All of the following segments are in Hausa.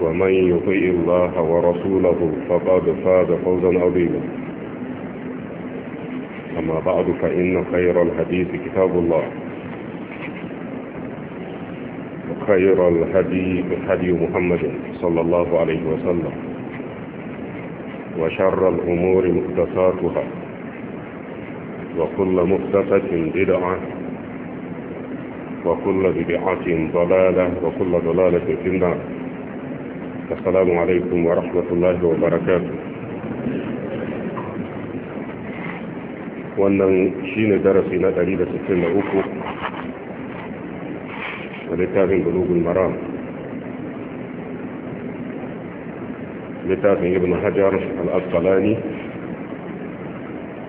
ومن يطيع الله ورسوله فقد فاز فوزا عظيما أما بعد فإن خير الحديث كتاب الله وخير الهدي هدي محمد صلى الله عليه وسلم وشر الأمور مقدساتها وكل مقدسة بدعة وكل بدعة ضلالة وكل ضلالة في النار السلام عليكم ورحمة الله وبركاته وانا شين درسي ندري السنة اوكو ولتاهم بلوغ المرام لتاهم ابن حجر الاسطلاني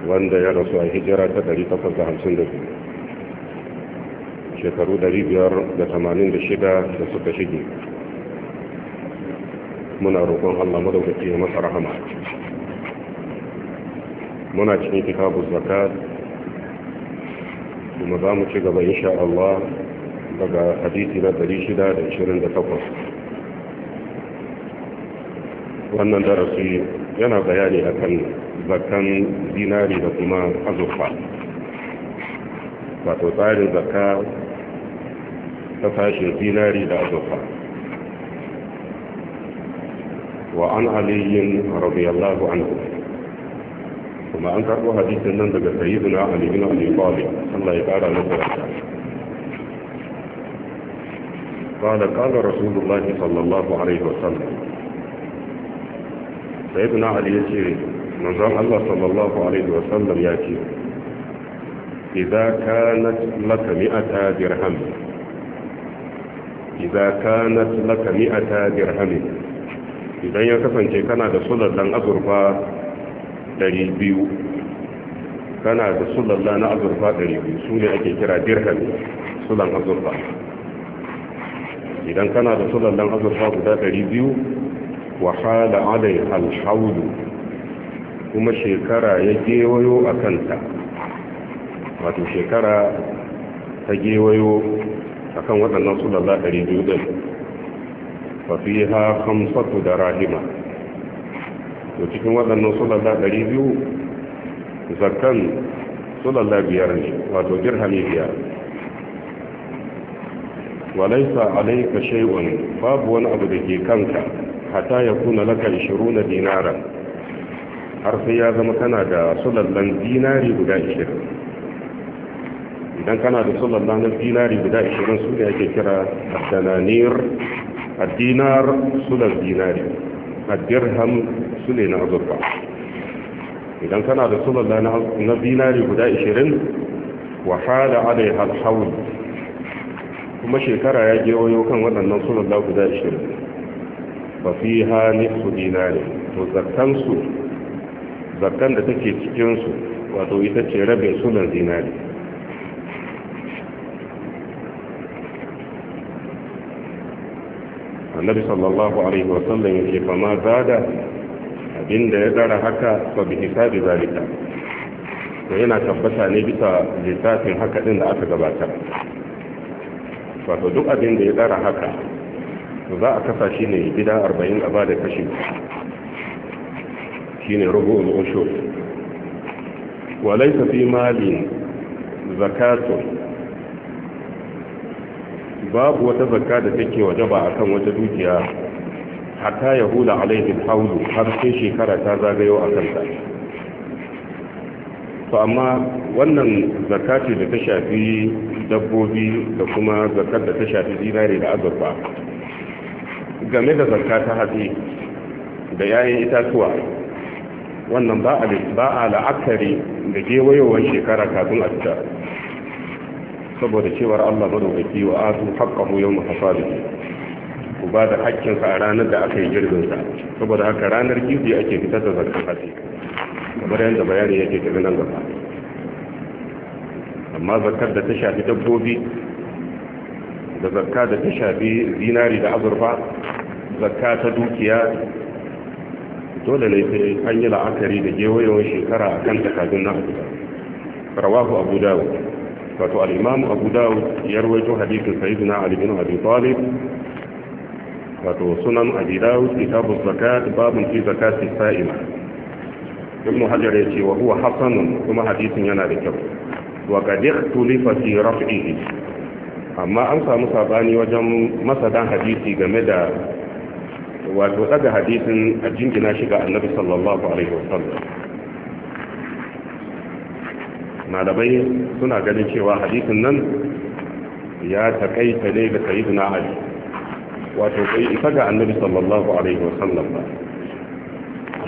وانا يرسو اي هجرة تدري تفضل عن سندك شكرو دري بيار لتمانين بشدة لسكة شديد muna roƙon Allah madaukaki ya masa rahama muna cikin kitabu zakat kuma za mu ci gaba insha Allah daga hadisi na 628 wannan darasi yana bayani akan zakan dinari da kuma azurfa wato tsarin zakka ta fashin dinari da azurfa وعن علي رضي الله عنه وما أنكر حديث النبي سيدنا علي بن أبي طالب الله يبارك له قال قال رسول الله صلى الله عليه وسلم سيدنا علي من نظام الله صلى الله عليه وسلم يأتي إذا كانت لك مئة درهم إذا كانت لك مئة درهم idan ya kasance kana da sulallan azurfa 200 kana da sulalla na azurfa 200 su ne ake kira dirham sulan azurfa idan kana da sulallan azurfa guda 200 wahala alai alhaudu kuma shekara ya gewayo a kanta wato shekara ta gewayo a kan waɗannan sulalla 200 fafiha hamsatu da rahima to cikin waɗannan sulalla ɗari biyu zakan sulalla biyar ne wato jirhami biyar walaisa alaika shay'un babu wani abu da ke kanka hata ya kuna laka 20 dinara. har sai ya zama kana da sulallan dinari guda ishirin. idan kana da sulallan dinari guda ishirin su ne ake kira dananir addinar sulan dinari addirham sule na azurfa idan kana da sulan na dinari guda 20 wa hala alaiha alhawl kuma shekara ya gewayo kan waɗannan sulan guda 20 fa fiha nisfu dinari to zakkan su da take cikin su wato ita ce rabin sulan dinari annabi sallallahu alaihi wa ya yake fa ma zada abinda ya dara haka fa bi hisabi zalika to yana tabbata ne bisa lissafin haka din da aka gabatar wato duk abin da ya dara haka to za a kasa shi ne gida arba'in a ba da kashi shine rubu'ul ushur wa laysa fi malin zakatun babu wata zakka da take wajaba akan wata dukiya hatta ya hula alaihi haulu har sai shekara ta zagayo a kanta to amma wannan ce da ta shafi dabbobi da kuma zakar da ta shafi zinare da azurfa game da zakka ta hatsi da yayin itatuwa wannan ba a la'akari da gewayowar shekara kafin a fita saboda cewar Allah madaukaki wa atu haqqahu yawm hasadihi ku ba da hakkin sa ranar da aka yi girbin sa saboda haka ranar girbi ake fitar da zakar hatsi kamar yadda bayani yake tafi nan gaba amma zakar da ta shafi dabbobi da zakka da ta shafi zinari da azurfa zakka ta dukiya dole ne sai an yi la'akari da gewayewar shekara a kan takardun na rawahu abu dawud wato Alimamu imam abu dawud ya rawaito hadisin sayyidina ali bin abi talib wato sunan abi dawud kitabu zakat babun fi zakati sa'ima ibn hajar ya ce wa huwa hasanun kuma hadisin yana da kyau wa qad ikhtulifa fi raf'ihi amma an samu sabani wajen masadan hadisi game da wato daga hadisin a jingina shi ga annabi sallallahu alaihi wasallam malamai suna ganin cewa hadisin nan ya takaita ne ga sayyidina ali wato bai isa ga annabi sallallahu alaihi wasallam ba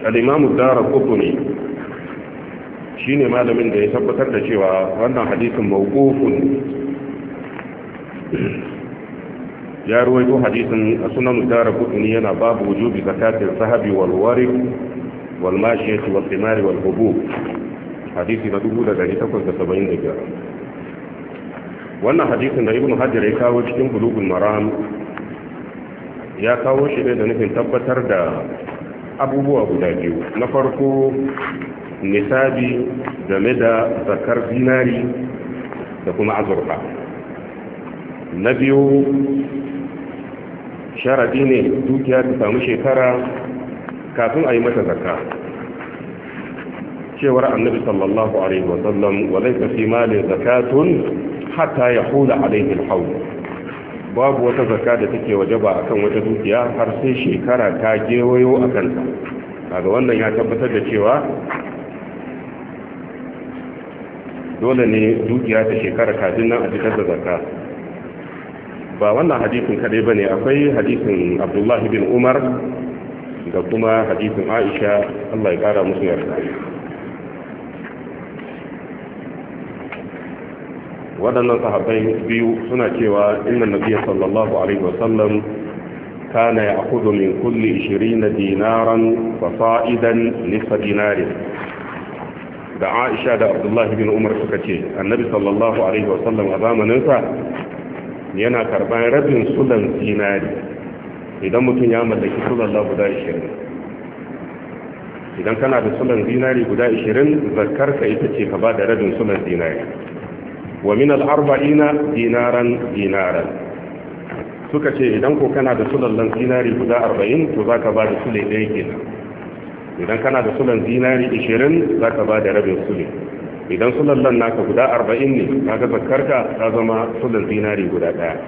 al-imamu dara Shi ne malamin da ya tabbatar da cewa wannan hadisin mawqufun ya ruwaito hadisin a sunan dara qutni yana babu wujubi zakatil sahabi wal warik wal mashiyati wal thimari wal hubub hadisi na 1875 wannan hadisin da ibn hajjar ya kawo cikin bulugun maram ya kawo shi ne da nufin tabbatar da abubuwa guda biyu na farko nisabi game da zakar zinari da kuma azurfa na biyu sharadi ne dukiya ta samu shekara kafin a yi mata zakka cewar annabi sallallahu alaihi wa sallam wa laysa fi mali zakatun hatta yahula alaihi al-hawl babu wata zakka da take wajaba akan wata dukiya har sai shekara ta gewayo a kanta. kaga wannan ya tabbatar da cewa dole ne dukiya ta shekara kafin nan a fitar da zakka ba wannan hadisin ba bane akwai hadisin Abdullah bin Umar da kuma hadisin Aisha Allah ya kara musu yarda waɗannan sahabbai biyu suna cewa inna nabiyya sallallahu alaihi wasallam kana ya'khudhu min kulli 20 dinaran wa fa'idan nisa dinarin da Aisha da Abdullahi bin Umar suka ce annabi sallallahu alaihi wasallam a zamaninsa yana karban rabin sulan dinari idan mutum ya mallaki sulan guda ishirin idan kana da sulan dinari guda 20 zakarka ita ce ka ba da rabin sulan dinari wa min al-arba'ina dinaran dinaran suka ce idan ko kana da sulallan zinari guda 40 to za ka ba da sule ɗaya kenan idan kana da sulan dinari 20 ka ba da rabin sule idan sulallan naka guda 40 ne ga zakkarka ta zama sulan zinari guda ɗaya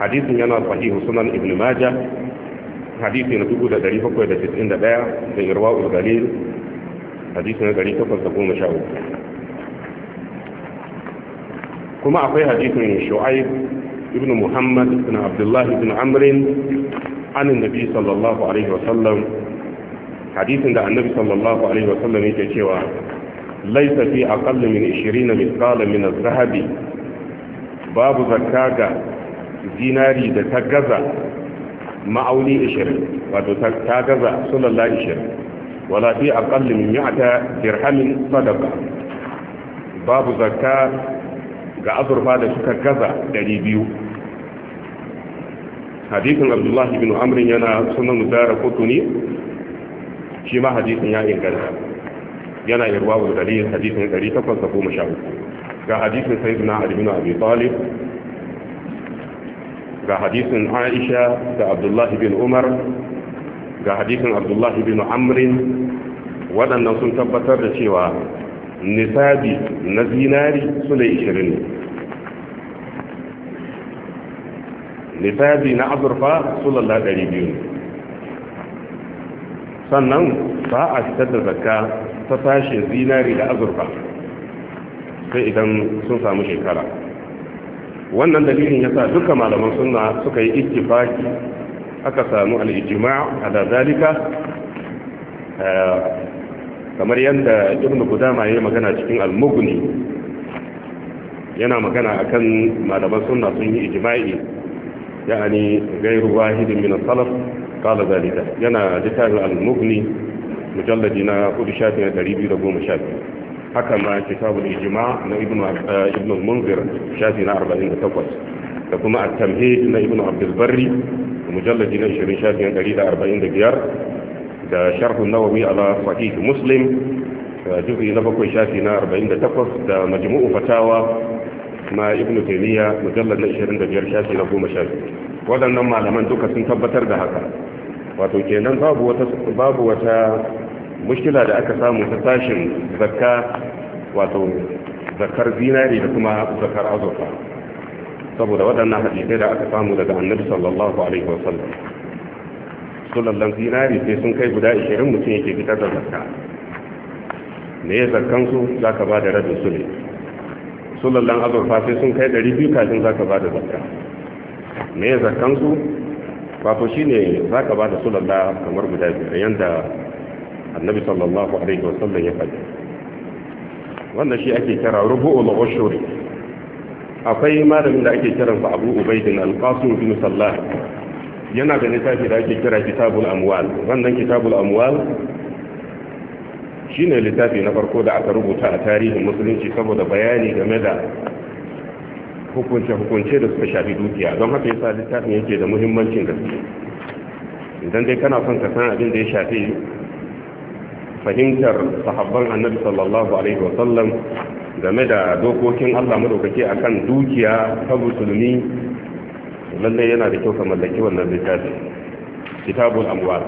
hadisin yana sahihu sunan ibn majah hadisi na 1791 da irwa ulgalil hadisi na 1813 kuma akwai hadisin shu'aib ibn muhammad ibn abdullah ibn amrin anin nabi sallallahu alaihi wasallam hadisin da annabi sallallahu alaihi wasallam yake cewa laisa fi aqall min 20 mithqala min az-zahabi babu zakka ga dinari da ta gaza ma'auni 20 wato ta gaza sulalla 20 wala fi aqall min 100 dirhamin sadaqa babu zakka ga azurfa da suka gaza biyu. hadisin abdullahi bin amrin yana sunan dara kutuni shi ma hadisin ya inganta yana irwa wa dalilin hadisin 813 ga hadisin sayyidina ali bin abi talib ga hadisin aisha da abdullahi bin umar ga hadisin abdullahi bin amrin waɗannan sun tabbatar da cewa nisabi na zinari sule 20 ne nisabi na azurfa sulalla biyu ne sannan ba a fitar da zakka ta sashe zinari da azurfa sai idan sun samu shekara wannan dalilin ya sa duka malaman suna suka yi ittifaki aka samu al'ijima a da zalika eh, kamar yadda ibnu kudama ya magana cikin al-mughni yana magana akan malaman suna sun yi ijma'i yani gairu wahidin min salaf kala zalika yana littafin al-mughni mujalladi na kudu biyu goma shafi 1212 haka ma kitabul ijima na ibnu eh, ibnu munzir shafi na arba'in da takwas da kuma a tamhid na ibnu abdul barri mujalladi na 20 shafi na biyar. da sharhu nawawi ala sahih muslim jufi na bakwai shafi na 48 da majmu'u fatawa na ibn taymiya mujallad na 25 shafi na goma 10 waɗannan malaman duka sun tabbatar da haka wato kenan babu wata babu wata mushkila da aka samu ta tashin zakka wato zakar zinari da kuma zakar azurfa saboda waɗannan hadisai da aka samu daga annabi sallallahu alaihi wasallam sulallan zinari sai sun kai guda 20 mutum yake fitar da zarka ne ya su za ka ba da rabin su ne sulallan azurfa sai sun kai 200 kafin za ka ba da zakka ne ya su wato shi ne za ka ba da sulalla kamar guda biyar yadda annabi sallallahu alaihi wasallam ya faɗi wannan shi ake kira rubu'ul ushuri akwai malamin da ake kiransa abu ubaidin alqasim bin sallah yana da littafi da ake kira kitabul amwal wannan kitabul amwal shine littafi na farko da aka rubuta a tarihin musulunci saboda bayani game da hukunce-hukunce da suka shafi dukiya don haka yasa littafin yake da muhimmancin gaske idan dai kana son ka san abin da ya shafi fahimtar sahabban annabi sallallahu alaihi wasallam game da dokokin Allah madaukake akan dukiya ta musulmi lallai yana da kyau ka mallaki wannan littafi kitabul amwal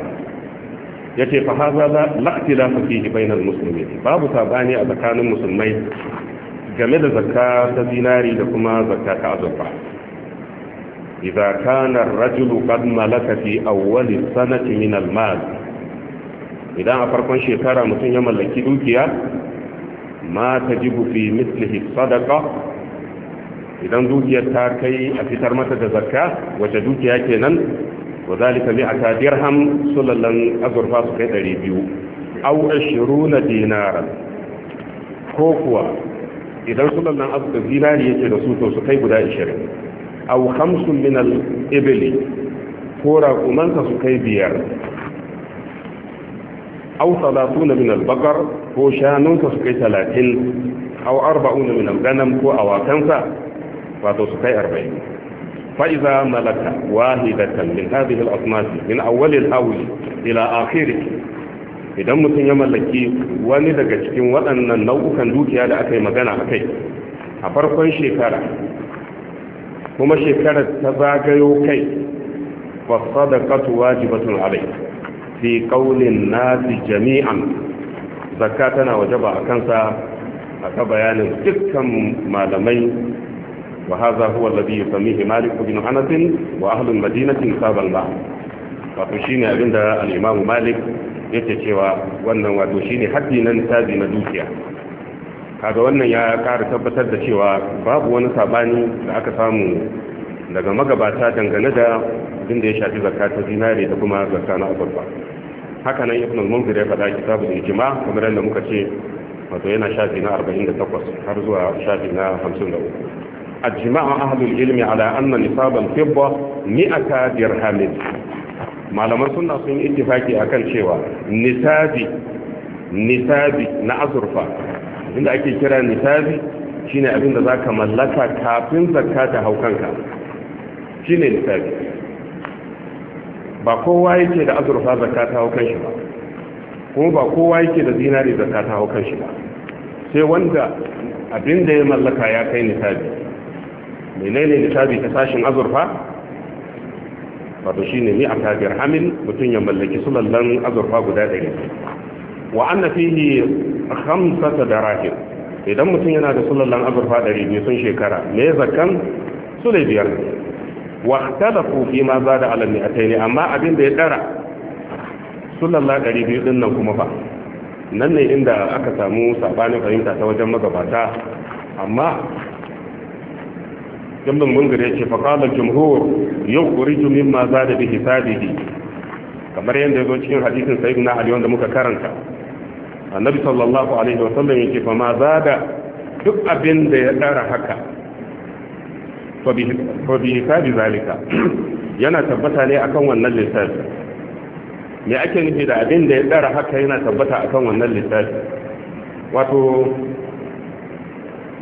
yace fa hadha la ikhtilafa fihi bainal muslimin babu sabani a tsakanin musulmai game da zakka ta zinari da kuma zakka ta azurfa idza kana ar-rajulu qad malaka fi awwal sanati min al-mal idan a farkon shekara mutum ya mallaki dukiya ma tajibu fi mithlihi sadaqa idan dukiyar ta kai a fitar mata da zakka wace dukiya kenan wa zalika bi aka dirham sulallan azurfa su kai 200 aw 20 dinara ko kuwa idan sulallan azurfa dinari yake da su to su kai guda 20 aw khamsun min al ibli ko raƙumansa su kai biyar aw 30 min al baqar ko shanunsa su kai 30 aw 40 min al ganam ko sa. wato su kai arba'in fa'iza malaka wahidatan min hadhihi al-asnaf min awwal al-hawl ila akhirih idan mutum ya mallaki wani daga cikin waɗannan nau'ukan dukiya da aka yi magana a kai a farkon shekara kuma shekarar ta zagayo kai fasadaqatu wajibatun alai fi qawlin nasi jami'an zakka tana wajaba a kansa aka bayanin dukkan malamai وهذا هو الذي يسميه مالك بن أنس وأهل المدينة صاب الماء وتشيني عند الإمام مالك yake cewa wannan wato shine haddi nan tazi na dukiya kaga wannan ya ƙara tabbatar da cewa babu wani sabani da aka samu daga magabata dangane da abin ya shafi zakka ta zinare da kuma zakka na azurfa haka nan ibn al ya faɗa kitabu da ijma kamar muka ce wato yana shafi na 48 har zuwa shafi na 53 أجمع أهل العلم على أن نصاب الفضة مئة درهم malaman suna sun ittifaki akan cewa nisabi nisabi na azurfa inda ake kira nisabi shine abinda zaka mallaka kafin zakka ta hau kanka nisabi ba kowa yake da azurfa zakata ta hau ba kuma ba kowa yake da zinari zakata ta hau ba sai wanda da ya mallaka ya kai nisabi menene nisabi ta sashin azurfa wato shine ni a tabir hamil mutum ya mallaki sulallan azurfa guda ɗari wa anna fihi khamsata darahim idan mutum yana da sulallan azurfa ɗari ne sun shekara me zakan sule biyar wa ikhtalafu fi ma zada ala mi'atayn amma abin da ya dara sulallan ɗari biyu din nan kuma fa nan ne inda aka samu sabanin fahimta ta wajen magabata amma ibn munzir yace fa qala jumhur ma za zada bi hisabihi kamar yadda ya zo cikin hadisin na ali wanda muka karanta annabi sallallahu alaihi wasallam ce fa ma za da duk abin da ya dara haka fa bi hisabi zalika yana tabbata ne akan wannan lissafi me ake nufi da abin da ya dara haka yana tabbata akan wannan lissafi wato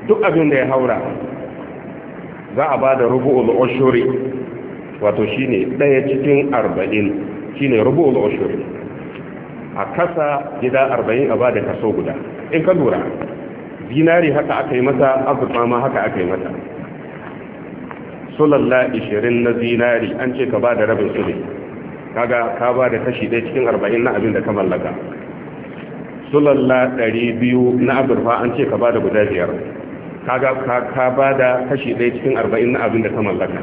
duk abin da ya haura za a ba da rubu'ul ushuri wato shine daya cikin 40 shine rubu'ul ushuri a kasa gida 40 a ba da kaso guda in ka lura dinari haka aka yi mata azurfa ma haka aka yi mata sulalla 20 na dinari an ce ka ba da rabin su ne kaga ka ba da kashi ɗaya cikin 40 na abin da ka mallaka sulalla 200 na azurfa an ce ka ba da guda biyar kaga ka ba da kashi ɗaya cikin arba'in na abin da ka mallaka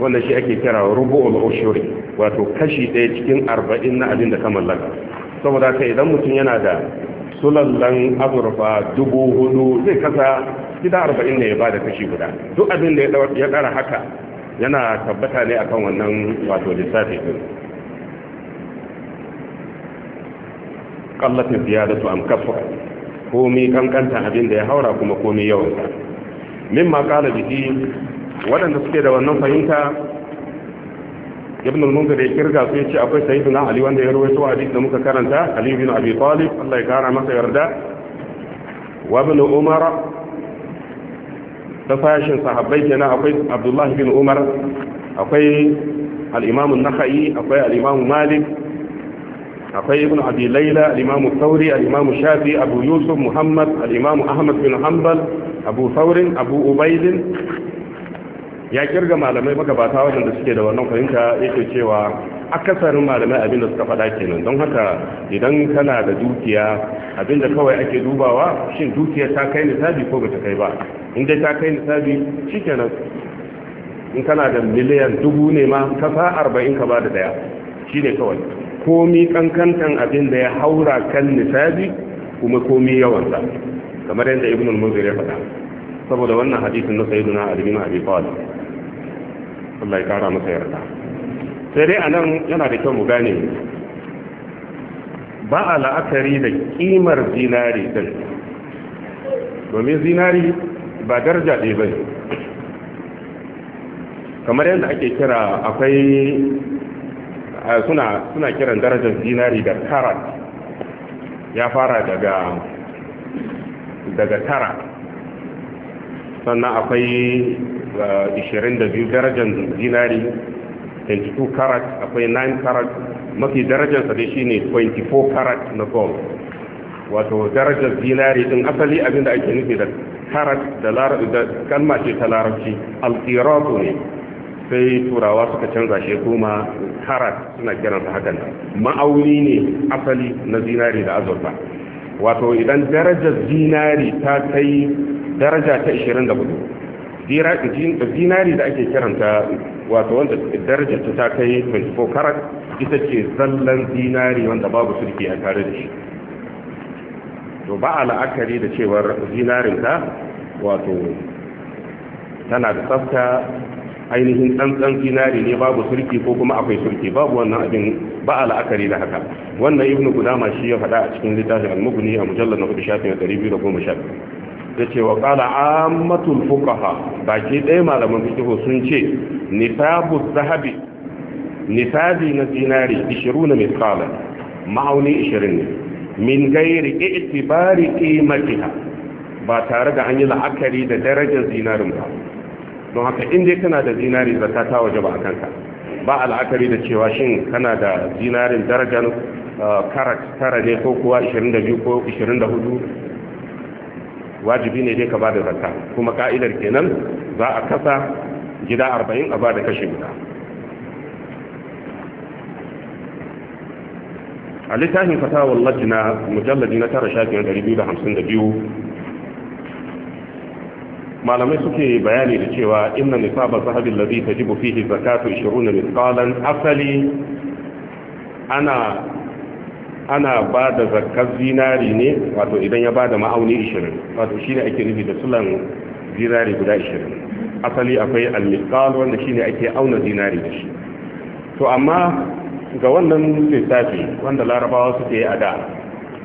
wanda shi ake kira rubu'ul ushuri wato kashi ɗaya cikin arba'in na abin da ka mallaka saboda ka idan mutum yana da sulallan azurfa dubu hudu zai kasa gida arba'in ne ya ba da kashi guda duk abin da ya ɗara haka yana tabbata ne akan wannan wato lissafi din kallatin ziyadatu am kafara komi kankanta abin da ya haura kuma komi yawansa min ma jiki waɗanda suke da wannan fahimta ibn al-munzir ya kirga su yace akwai sayyidina ali wanda ya rawaito hadisi da muka karanta ali bin abi talib Allah ya kara masa yarda wa ibn umar ta fashin sahabbai kenan akwai abdullahi bin umar akwai al-imam an-nakhai akwai al-imam malik akwai ibn abi laila al-imam thawri al-imam shafi abu yusuf muhammad al-imam ahmad bin hanbal abu thawrin abu ubayd ya kirga malamai magabata da suke da wannan fahimta yake cewa akasarin malamai abinda suka faɗa kenan don haka idan kana da dukiya abinda kawai ake dubawa shin dukiya ta kai nisabi ko bata kai ba in dai ta kai nisabi shikenan in kana da miliyan dubu ne ma kasa arba'in ka ba da daya shine kawai komi kankantan abin da ya haura kan nisabi kuma komi sa kamar yadda ibn al-munzir ya faɗa saboda wannan hadisin na sayyiduna ali bin abi talib Allah ya kara masa yarda sai dai anan yana da kyau mu gane ba a la'akari da kimar zinari din domin zinari ba daraja ɗaya bai kamar yadda ake kira akwai suna suna kiran darajar dinari da karat ya fara daga daga tara sannan akwai 22 eh, darajar dinari 22 karat akwai 9 karat mafi darajarsa dai shine 24 karat na gold wato darajar dinari din asali abinda ake nufi da karat da kalma ce ta larabci alqiratu ne sai turawa suka canza shi kuma karat suna kiransa hakan ma'auni ne asali na zinari da azurfa wato idan darajar zinari ta kai daraja ta 24 zinari da ake kiranta wato wanda darajar ta kai 24 karat ita ce zallan zinari wanda babu sulki a tare da shi to ba a la'akari da cewar zinarin wato tana da tsafta ainihin ɗanɗan zinari ne babu surki ko kuma akwai surki babu wannan abin ba a la'akari da haka wannan ibn gudama shi ya faɗa a cikin littafin al-mughni a mujallar na hudu shafin ɗari biyu da goma sha da ce wa ƙala ammatul fuqaha baki ɗaya malaman fiqh sun ce nisabu zahabi nisabi na zinari 20 misqala ma'auni ishirin ne min gairi i'tibari qimatiha ba tare da an yi la'akari da darajar zinarin ba don haka in dai kana da zinari zakka ta waje ba a kanka ba al'akari da cewa shin kana da zinarin darajar uh, karat tara ne ko kuwa 22 ko 24 wajibi ne dai ka ba da zakka kuma ka'idar kenan za a kasa gida 40 a ba da kashe guda a littafin fatawar lajina mujallaji na tara shafi 252 malamai suke bayani da cewa inna nisaba sahabi ladhi tajibu fihi zakatu 20 misqalan asali ana ana ba da zakar zinari ne wato idan ya ba da ma'auni 20 wato shi ne ake nufi da sulan zinari guda 20 asali akwai al-misqal wanda shi ne ake auna zinari da shi to amma ga wannan lissafi wanda larabawa suke yi a da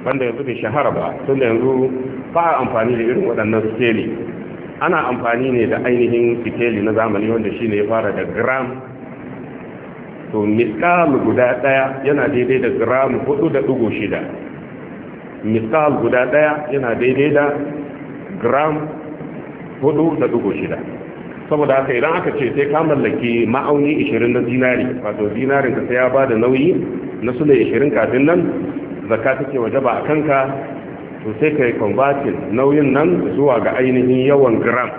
wanda yanzu bai shahara ba tun da yanzu ba a amfani da irin waɗannan skeli ana amfani ne da ainihin sikeli na zamani wanda shi ne ya fara da gram to misal guda daya yana daidai da gram 4.6 Misal guda daya yana daidai da gram 4.6 saboda haka idan aka ce sai ka mallaki ma'auni 20 na zinari wato zinarin ka sai ya ba da nauyi na sule 20 kafin nan zakka take wajaba ba a kanka to sai ka yi convertin nauyin nan zuwa ga ainihin yawan gram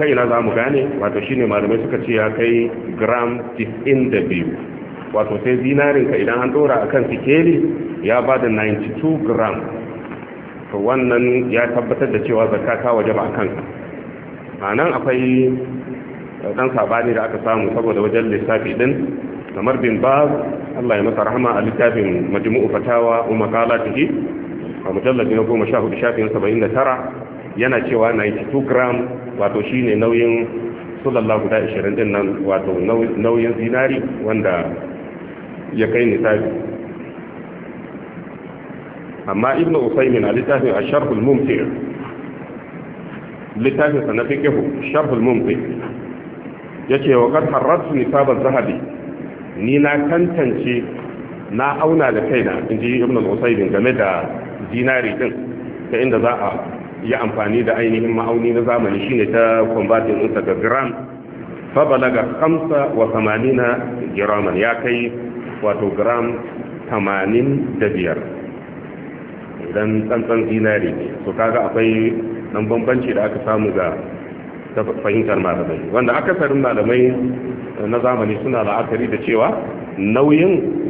ta ina za mu gane wato shine malamai suka ce ya kai gram 92 wato sai zinarin ka idan an dora akan sikeli ya ba da 92 gram to wannan ya tabbatar da cewa zakata waje ba kanka ma'anan akwai ɗan sabani da aka samu saboda wajen lissafi din kamar bin ba Allah ya masa rahama a littafin majmu'u fatawa wa maqalatihi a mujallabi na goma sha hudu shafin saba'in da tara yana cewa 92 gram wato shine nauyin sulallah guda 20 din nan wato nauyin zinari wanda ya kai nisabi amma Ibn usaymin a littafin a sharhul mumfi littafin sa na fiqhu sharhul Ya ce wa qad harratu nisab zahabi ni na tantance na auna da kaina in ji Ibn usaymin game da dinari din ta inda za a yi amfani da ainihin ma'auni na zamani shine ta kwambatin ɗinsa ga gram fa wa 85 giraman ya kai wato gram biyar. idan tsantsan dinari ne to kaga akwai dan bambanci da aka samu ga ta fahimtar malamai wanda akasarin malamai na zamani suna la'akari da cewa nauyin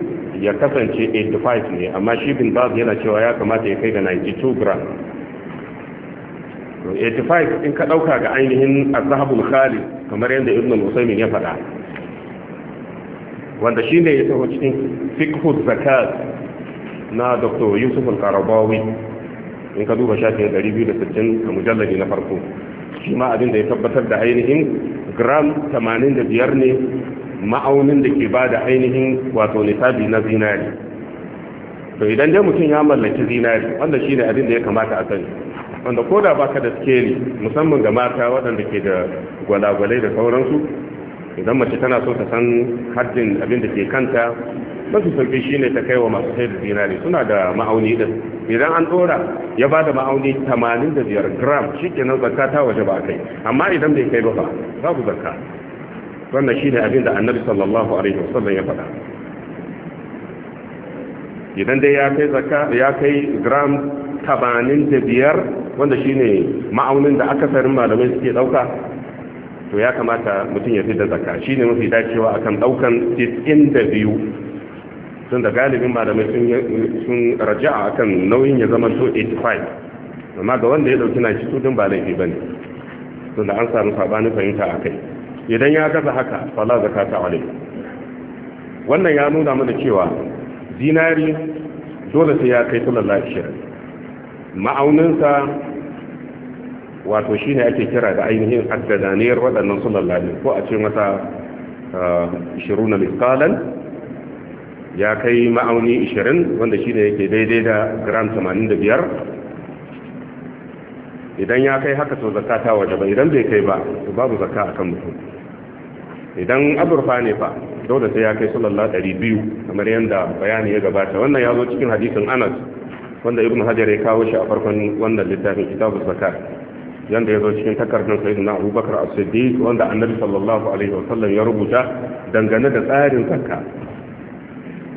ya kasance 85 ne amma shi bin yana cewa ya kamata ya kai da 92 gram 85 in ka ɗauka ga ainihin azhabul khali kamar yadda ibn al ya faɗa wanda shi ne ya taho cikin fiqhuz zakat na dr yusuf al-karabawi in ka duba shafin 260 a mujallali na farko shi ma abin da ya tabbatar da ainihin gram 85 ne ma'aunin da ke ba da ainihin wato nisabi na zinari to idan dai mutum ya mallaki zinari wanda shi ne abin da ya kamata a sani wanda ko da ba ka da skeli musamman ga mata waɗanda ke da gwalagwalai da sauransu idan mace tana so ta san haddin abin da ke kanta masu sauƙi shi ne ta kai wa masu sai da zinari suna da ma'auni ɗin idan an ɗora ya ba da ma'auni 85 gram shi kenan zarka ta waje ba kai amma idan bai kai ba ba ku zarka wannan shine abin da annabi sallallahu alaihi wasallam ya faɗa idan dai ya kai zakka ya kai gram 85 wanda shine ma'aunin da aka sarin malamai suke dauka to ya kamata mutum ya fi da zakka shine mafi dacewa akan daukan 92 da galibin malamai sun sun raja'a akan nauyin ya zama to 85 amma ga wanda ya dauki na shi tudun ba laifi bane da an samu sabanin fahimta a kai. idan ya gaza haka fala zakata alai wannan ya nuna mana cewa dinari dole sai ya kai tulalla ma'aunin ma'auninsa wato shine ake kira da ainihin addadaniyar wadannan sulallahi ko a ce mata 20 uh, na miskalan ya kai ma'auni 20 wanda shine yake daidai da gram 85 idan ya kai haka to zakata waje ba idan bai kai ba babu zakka akan mutum idan aburfa ne fa dole sai ya kai sallallahu ɗari biyu kamar yadda bayani ya gabata wannan ya zo cikin hadisin anas wanda ibn hajar ya kawo shi a farkon wannan littafin kitabu zakat yanda ya zo cikin takardun sayyidina abubakar as-siddiq wanda annabi sallallahu alaihi wa sallam ya rubuta dangane da tsarin zakka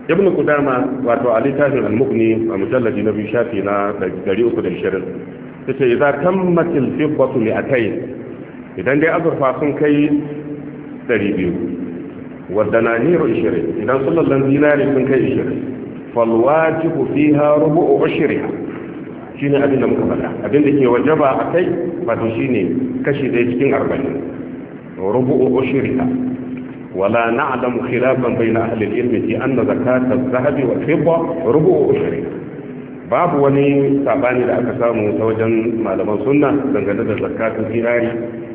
ibn qudama wato a littafin al-mughni a mujalladi na biyu shafi na 320 yace idza tammatil fiddatu li'atayn idan dai azurfa sun kai 200 wadda na niro 20 idan sulallan zinari sun kai 20 falwajibu fiha rubu'u ushriha shine abin da muka faɗa abin da ke ba a kai shi shine kashi ɗaya cikin arba'in rubu'u ushriha wala na'lamu khilafan bai na al-ilmi an na zakata adh zahabi wal-fidda rubu'u ushriha babu wani sabani da aka samu ta wajen malaman sunna dangane da zakatun kirari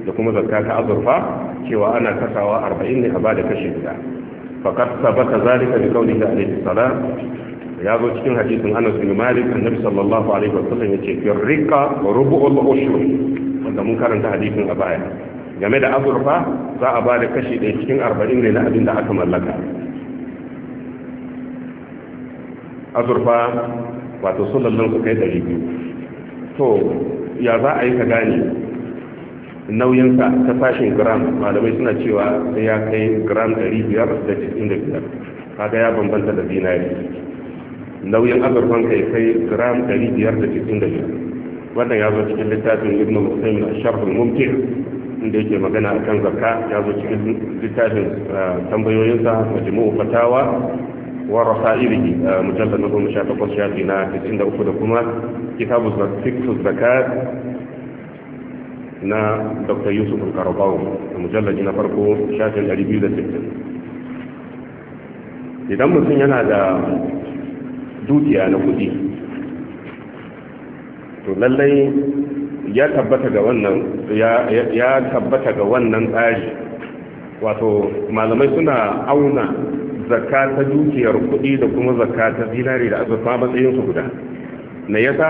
da kuma zakatun azurfa cewa ana kasawa arba'in ne a ba da kashi guda fakat sabata zalika bi da alaihi salam ya zo cikin hadisin Anas bin Malik annabi sallallahu alaihi wa sallam yace fi riqa rubu'ul ushur wanda mun karanta hadisin a baya game da azurfa za a ba da kashi ɗaya cikin arba'in ne na abin da aka mallaka azurfa wato sunan nan su kai ɗari biyu to ya za a yi ka gane nauyinsa ta fashin gram malamai suna cewa sai ya kai gram ɗari biyar da cikin da biyar kaga ya bambanta da zinari nauyin azurfan kai kai gram ɗari biyar da cikin da biyar wannan ya zo cikin littafin ibn musaimin a sharhul mumkin inda yake magana akan zakka ya zo cikin littafin eh, tambayoyinsa majmu'u fatawa wa rasailihi mujallad na goma sha takwas shafi na tisin da uku da kuma kitabu fikus zakat na dr yusuf al-karabau mujalladi na farko shafin 260 idan mutum yana da dukiya na kudi to lallai ya tabbata ga wannan ya ga wannan tsari wato malamai suna auna zakka ta dukiyar kuɗi da kuma zakka ta zinari da azurfa matsayinsu su guda me yasa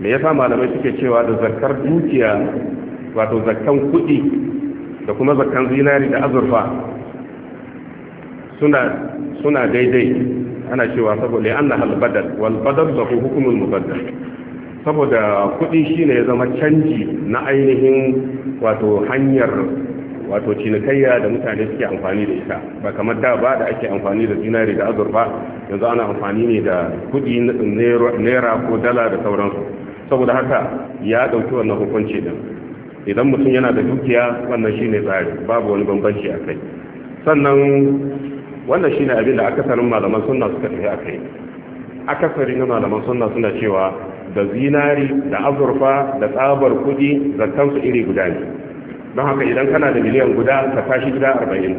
me yasa malamai suke cewa da zakkar dukiya wato zakkan kuɗi da kuma zakkan zinari da azurfa suna suna daidai ana cewa saboda an na halbadar walbadar da hukumul mubaddal saboda kuɗi shine ya zama canji na ainihin wato hanyar wato cinikayya da mutane suke amfani da ita ba kamar da ba da ake amfani da zinari da azurfa yanzu ana amfani ne da kudi naira ko dala da sauransu saboda haka ya dauki wannan hukunci din idan mutum yana da dukiya wannan shine tsari babu wani bambanci a kai sannan wannan shine abin da akasarin malaman sunna suka tafi a kai akasarin malaman sunna suna cewa da zinari da azurfa da tsabar kudi zakkansu iri guda ne don haka idan kana da miliyan guda ka tashi gida arba'in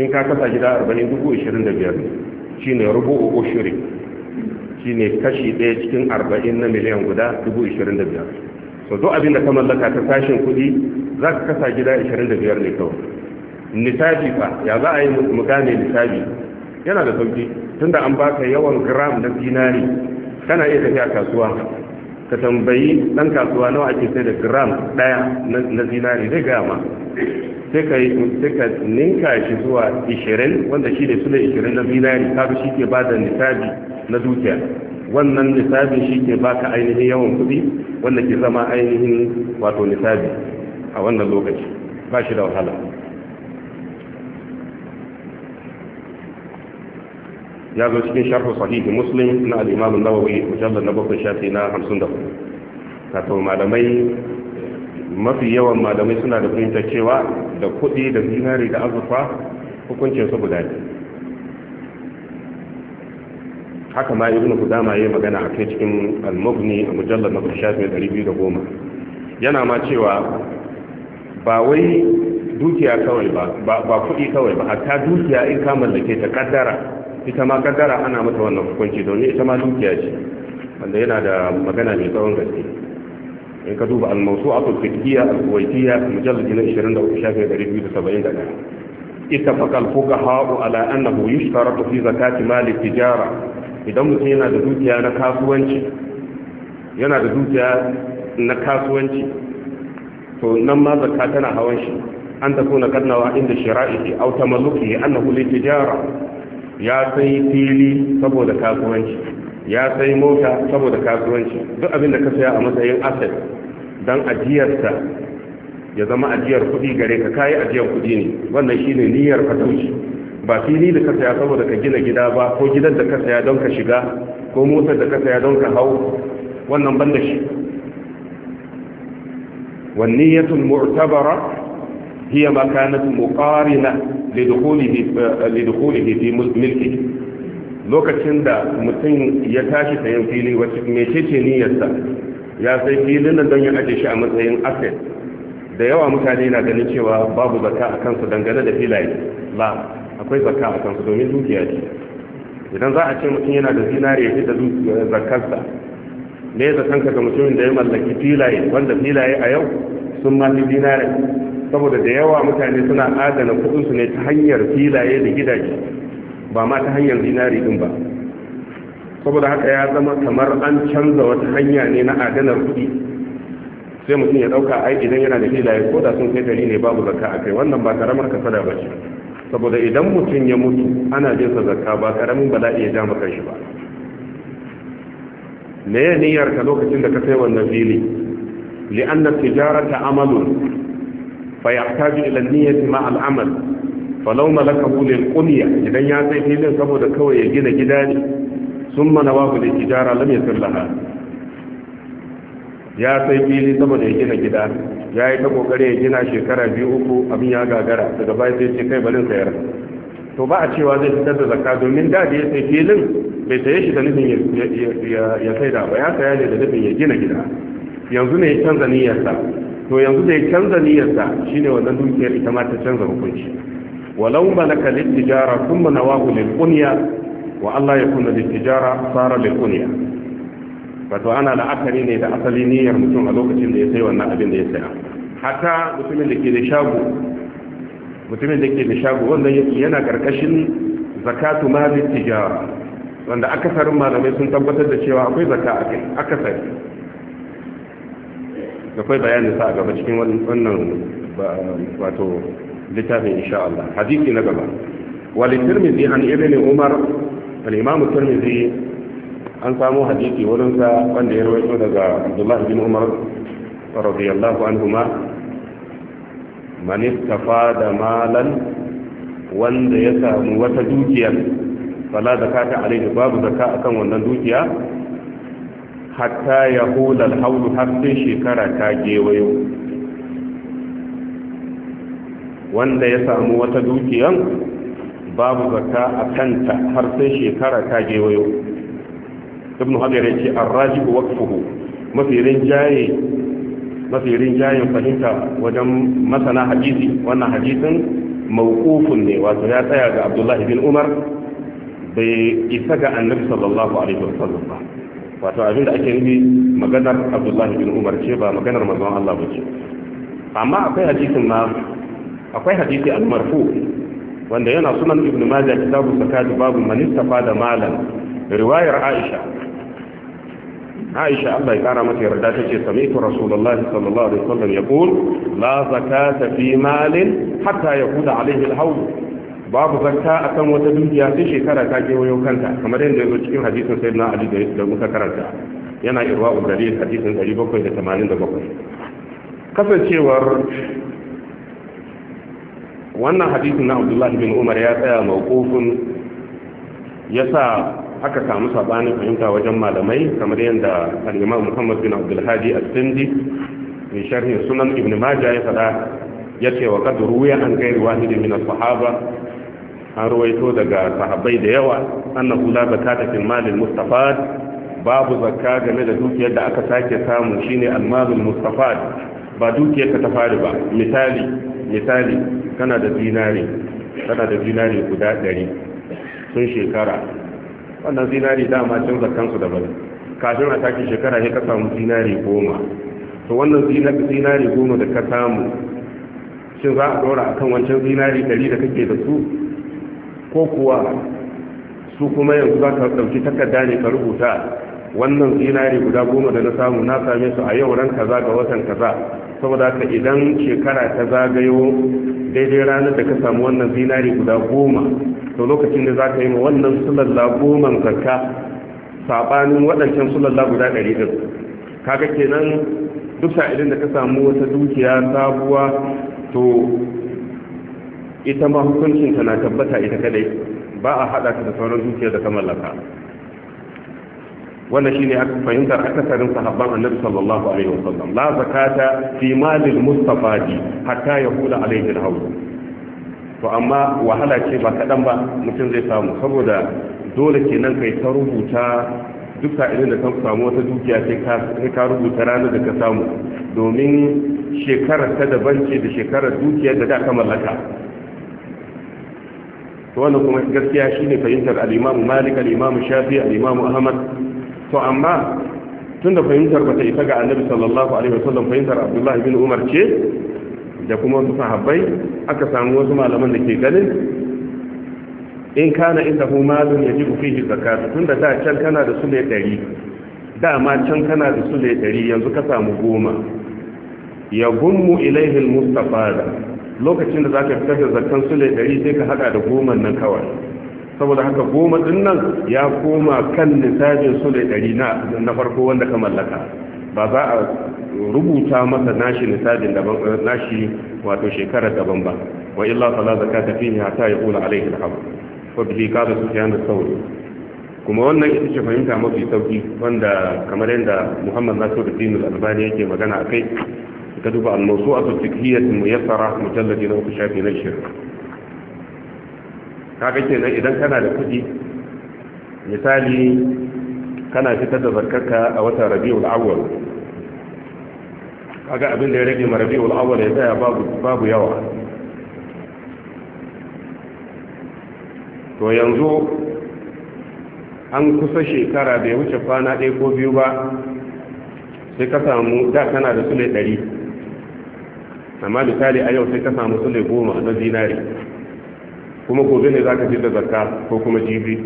in ka kasa gida arba'in dubu ishirin da biyar shi ne rubu ushiri shi ne kashi ɗaya cikin arba'in na miliyan guda dubu ishirin da biyar so duk abin da ka mallaka ta tashin kuɗi za ka kasa gida ishirin da biyar ne kawai nisabi fa ya za a yi mu gane nisabi yana da sauki tunda an baka yawan gram na dinari kana iya tafiya kasuwa ka tambayi ɗan kasuwa nawa ake sai da gram ɗaya na zinari zai gama sai ka ninka shi zuwa 20 wanda shi ne suna 20 na zinari kaga shi ke bada nisabi na dukiya wannan nisabi shi ke baka ainihin yawan kuɗi wanda ke zama ainihin wato nisabi a wannan lokaci ba shi da wahala ya zo cikin sharh sahihi muslim na al-imam an-nawawi mujallad na bakwai shafi na 54 wato malamai mafi yawan malamai suna da fahimtar cewa da kuɗi da zinari da azurfa hukuncin su guda ne haka ma ibnu qudama yayi magana a kai cikin al-mughni a mujallad na shafi 210 yana ma cewa ba wai dukiya kawai ba ba kuɗi kawai ba hatta dukiya in ka mallake ta kaddara ita ma kaddara ana mata wannan hukunci domin ita ma dukiya ce wanda yana da magana mai tsawon gaske in ka duba al-mawsu'atul fiqhiyya al-kuwaitiyya mujallad na 23 shafin 271 اتفق الفقهاء على أنه يشترط في زكاة مال التجارة idan mutum yana da dukiya na kasuwanci yana da dukiya na kasuwanci to nan ma zakka tana hawan shi an tafi na karnawa inda shira'ihi aw tamalluki annahu li tijara ya sai fili saboda kasuwanci ya sai mota saboda kasuwanci duk abin da ka saya a matsayin asset don ajiyarsa ya zama ajiyar kuɗi gare ka kayi ajiyar kuɗi ne wannan shine niyyar fatauci ba fili da ka saya saboda ka gina gida ba ko gidan da ka saya don ka shiga ko motar da ka saya don ka hau wannan banda shi niyyatul mu'tabara هي ما كانت muqarina لدخوله لدخوله في dukhulihi lokacin da mutum ya tashi sayan fili wacce mece niyyarsa ya sai filin nan don ya aje shi a matsayin asset da yawa mutane na ganin cewa babu zakka a kansu dangane da filaye ba akwai zakka a kansu domin dukiya ce idan za a ce mutum yana da zinare ya da zakkarsa me ya kanka ga mutumin da ya mallaki filaye wanda filaye a yau sun saboda da yawa mutane suna adana kudinsu ne ta hanyar filaye da gidaje ba ma ta hanyar zinari din ba saboda haka ya zama kamar an canza wata hanya ne na adanar kudi sai mutum ya dauka ai idan yana da filaye ko da sun kai dari ne babu zakka a kai wannan ba karamar kasada ba ce saboda idan mutum ya mutu ana jin sa zakka ba karamin bala'i ya ja maka shi ba me ya niyyar ka lokacin da ka sai wannan fili li'anna tijarata amalun فيحتاج إلى النية مع العمل فلو ملكه للقنية إذا saboda kawai ya gina gida ne, ثم نواه للتجارة لم يسر لها ya sai fili saboda ya gina gida ya yi ta kokari ya gina shekara biyu uku abin ya gagara daga baya sai ce kai barin sayar to ba a cewa zai fitar da zakka domin da da ya sai filin bai saye shi da nufin ya sai da ba ya saya ne da nufin ya gina gida yanzu ne ya canza niyyarsa to yanzu da ya canza niyyarsa shine wannan dukiyar ita ma ta canza hukunci walau malaka littijara thumma nawahu lilqunya wa Allah ya kuna tijara fara lilqunya wato ana la'akari ne da asali niyyar mutum a lokacin da ya sai wannan abin da ya saya hatta mutumin da ke da shago mutumin da ke da shago wannan yana karkashin zakatu ma tijara wanda akasarin malamai sun tabbatar da cewa akwai zaka a kai akasari da kai bayanin sa a gaba cikin wannan wato littafin insha Allah hadisi na gaba wal tirmidhi an ibn umar al imam tirmidhi an samu hadisi wurin sa wanda ya rawaito daga Abdullah bin Umar radiyallahu anhuma man istafa da malan wanda ya samu wata dukiya fala zakata alaihi babu zakka akan wannan dukiya hatta ya hula haulu har sai shekara ta gewayo wanda ya samu wata dukiyan babu zakka a kanta har sai shekara ta gewayo ibn hajar ce arraji waqfuhu mafi rinjaye mafi rinjayen fahimta wajen masana hadisi wannan hadisin mawqufun ne wato ya tsaya ga abdullahi bin umar bai isa ga annabi sallallahu alaihi wasallam ba wato abin da ake nufi maganar abdullahi bin umar ce ba maganar mazan allah ba ce amma akwai hadisin na, akwai hadisi al-marfu wanda yana sunan ibn majah kitabu zakatu babu man Fada da malan riwayar aisha aisha Allah ya kara mata yarda ce, sami'tu rasulullah sallallahu alaihi wasallam yaqul la zakata fi malin hatta yaquda alaihi al babu zakka akan wata dukiya sai shekara ta wayo kanta kamar yadda yazo cikin hadisin sayyidina ali da muka karanta yana irwa ugari hadisin 787 kasancewar wannan hadisin na abdullahi bin umar ya tsaya mawqufun yasa aka samu sabanin fahimta wajen malamai kamar yadda al-imam muhammad bin abdul hadi as-sindi sharhin sharhi sunan ibn majah ya fada yace wa qad ruwiya an gairi wahidin min as-sahaba an ruwaito daga sahabbai da yawa annahu la zakata fil malil mustafad babu zakka game da dukiyar da aka sake samu shine almalul mustafad ba dukiyar ka ta fari ba misali misali kana da dinari kana da dinari guda 100 sun shekara wannan dinari dama cin zakkan su daban kafin a sake shekara sai ka samu dinari goma to wannan dinari goma da ka samu shin za a dora akan wancan dinari 100 da kake da su ko kuwa su kuma yanzu za ka ɗauki takarda ne ka rubuta wannan zinari guda goma da na samu na same su a yau ran kaza ga watan kaza saboda ka idan shekara ta zagayo daidai ranar da ka samu wannan zinari guda goma to lokacin da za ka yi ma wannan sulalla goman zarka saɓanin waɗancan sulalla guda ɗari ɗin kaga kenan duk sa'ilin da ka samu wata dukiya sabuwa to ita ma hukuncinta na tabbata ita kadai ba a hada ta da sauran dukiyar da ta mallaka wannan shine aka fahimtar akasarin sahabban annabi sallallahu alaihi wasallam la zakata fi malil mustafadi hatta yahula alaihi alhawd to amma wahala ce ba kadan ba mutum zai samu saboda dole kenan kai ta rubuta duka irin da ka samu wata dukiya sai ka rubuta ranar da ka samu domin shekarar ta daban ce da shekarar dukiyar da da ka mallaka to wannan kuma gaskiya shine fahimtar al-Imam Malik al-Imam Shafi al-Imam Ahmad to amma tunda fahimtar ba ta isa ga Annabi sallallahu alaihi wasallam fahimtar Abdullah bin Umar ce da kuma wasu sahabbai aka samu wasu malaman da ke ganin in kana inda hu malun yajibu fihi zakat tunda da can kana da sule 100 dama can kana da sule 100 yanzu ka samu goma ya gummu ilaihi al-mustafada lokacin da za ka fitar da su sule ɗari sai ka haɗa da goma nan kawai saboda haka goma ɗin nan ya koma kan nisabin sule ɗari na farko wanda ka mallaka ba za a rubuta masa nashi daban eh, nashi wato shekarar daban ba wa illa zaka fala zakata fihi ta yaqulu alayhi al-hamd bihi qala sufyan ath sauri. kuma wannan ita ce fahimta mafi sauki wanda kamar yadda Muhammad nasiru dinu albani yake magana a kai. ka duba al-mawsu'atu fiqhiyyah muyassara mujalladi na shafi na 20 kaga kenan idan kana da kuɗi misali kana fitar da zakarka a watan rabiul awwal kaga abin da ya rage ma rabiul awwal ya tsaya babu yawa to yanzu an kusa shekara bai wuce kwana ɗaya ko biyu ba sai ka samu da kana da sule ɗari amma misali a yau sai ka samu sule goma na zinari kuma gobe ne za ka fi da zakka ko kuma jibi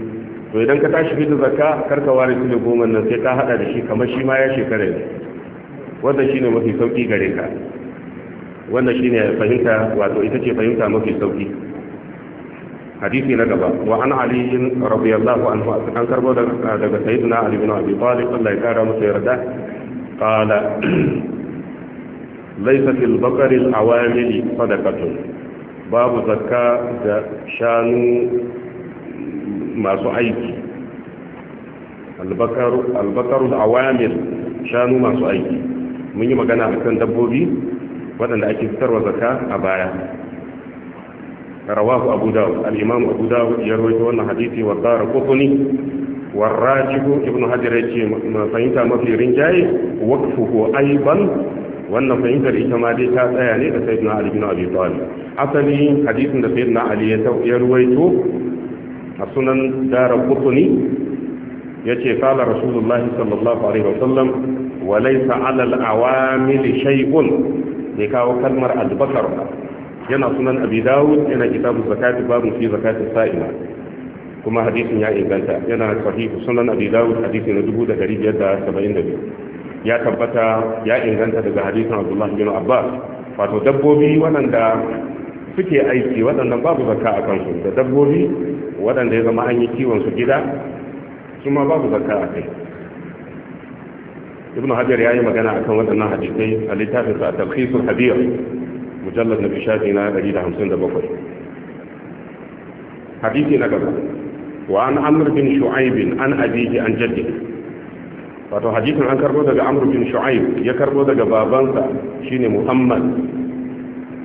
to idan ka tashi fi da zakka kar ka ware sule goma nan sai ka hada da shi kamar shi ma ya shekara ne wannan shine mafi sauki gare ka wannan shine fahimta wato ita ce fahimta mafi sauki hadisi na gaba wa an ali radiyallahu anhu an karbo daga sayyidina ali bin abi talib Allah ya kara masa yarda qala laisa fil baqaril awamili sadaqatun babu zakka da shanu masu aiki albakarul awamil shanu masu aiki mun yi magana a kan dabbobi waɗanda ake fitarwa zakka a baya rawahu abu dawud al-imam abu dawud ya rawaito wannan hadisi wa dara qutni wa rajihu ibn hajar yace fahimta mafi rinjaye waqfuhu aiban wannan fahimtar ita ma dai ta tsaya ne da sayyidina Ali bin Abi Talib asali hadisin da sayyidina Ali ya ruwaito a sunan dara kutuni ce qala rasulullah sallallahu alaihi wa sallam wa laysa ala al-awamil shay'un ne kawo kalmar al yana sunan abi dawud yana kitabu zakati babu fi zakati sa'ima kuma hadisin ya inganta yana sahihu sunan abi dawud hadisi na 2572 ya tabbata ya inganta daga hadisin abdullahi bin abbas wato dabbobi waɗanda suke aiki waɗanda babu zakka a kansu da dabbobi waɗanda ya zama an yi kiwon su gida su ma babu zakka a kai ibnu hajar ya yi magana akan waɗannan hadisai a littafin sa talhisul habir mujallad na bishafi na 157 hadisi na gaba wa an amr bin shu'aib an abihi an jaddihi wato hadisin an karbo daga amr bin shu'aib ya karbo daga babansa shine muhammad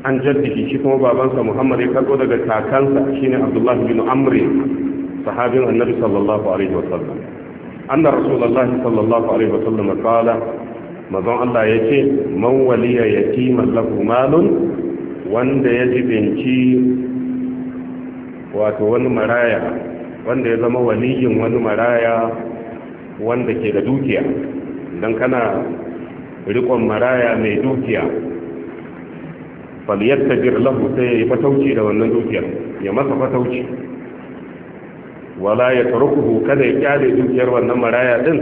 an jaddihi shi kuma babansa muhammad ya karbo daga kakansa shine abdullah bin amr sahabin annabi sallallahu alaihi sallam. anna rasulullah sallallahu alaihi sallam qala mazan Allah yace man waliya yatiman lahu malun wanda ya jibinci wato wani maraya wanda ya zama waliyin wani maraya wanda ke da dukiya idan kana rikon maraya mai dukiya falyattajir lahu sai ya yi fatauci da wannan dukiyar ya masa fatauci wala ya tarukuhu kada ya kyale dukiyar wannan maraya din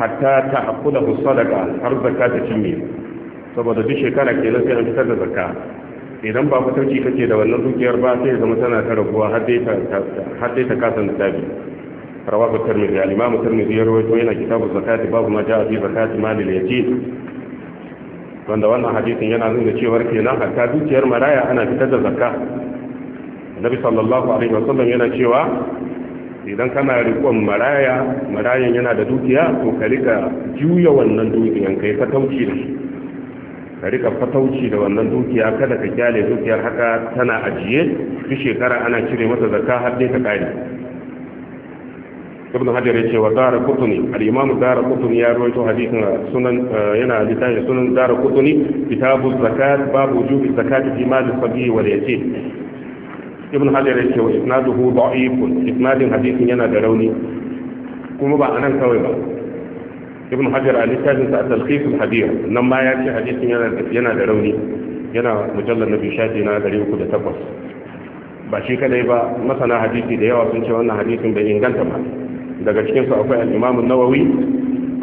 hatta ta da sadaka har zakka ta cinye saboda duk shekara ke nan, sai an fitar da zakka idan ba fatauci kake da wannan dukiyar ba sai ya zama tana ta raguwa har dai ta kasan da tabi rawahu tirmidhi al-imam tirmidhi ya rawaito yana kitabu zakati babu ma ja'a fi zakati malil yatim wanda wannan hadisin yana nuna cewar kenan hatta dukiyar maraya ana fitar da zakka annabi sallallahu alaihi wasallam yana cewa idan kana rikon maraya marayan yana da dukiya to ka rika juya wannan dukiyan kai fatauci da shi ka rika fatauci da wannan dukiya kada ka kyale dukiyar haka tana ajiye duk shekara ana cire mata zakka har dai ta kare ibn hajar yace wa dara kutuni al-imam dara kutuni ya rawaito hadisin sunan eh, yana littafin sunan dara kutuni kitabu zakat babu wujubi zakati fi mal sabi wal yatim ibn hajar yace wa isnaduhu da'ifun isnadin hadisin yana da rauni kuma ba anan kawai ba ibn hajar a littafin sa talqis al-hadir nan ma ya ce hadisin yana yana da rauni yana mujallal na shafi na 308 ba shi kadai ba masana hadisi da yawa sun ce wannan hadisin bai inganta ba daga cikin su akwai al nawawi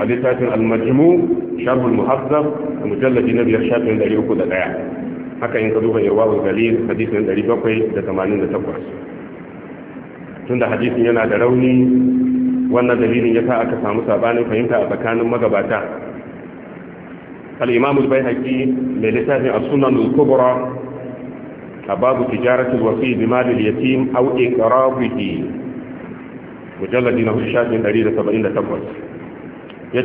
a littafin al-Majmu' Sharh al-Muhazzab mujallad na biyar shafin ɗaya. haka in ka duba Irwaul Galil hadisin 788 tunda hadisin yana da rauni wannan dalilin ya sa aka samu sabanin fahimta a tsakanin magabata al-Imam al-Baihaqi mai littafin as-Sunan al-Kubra a babu tijaratul wasi bi mal yatim aw iqrabihi mujalladi na shafin 178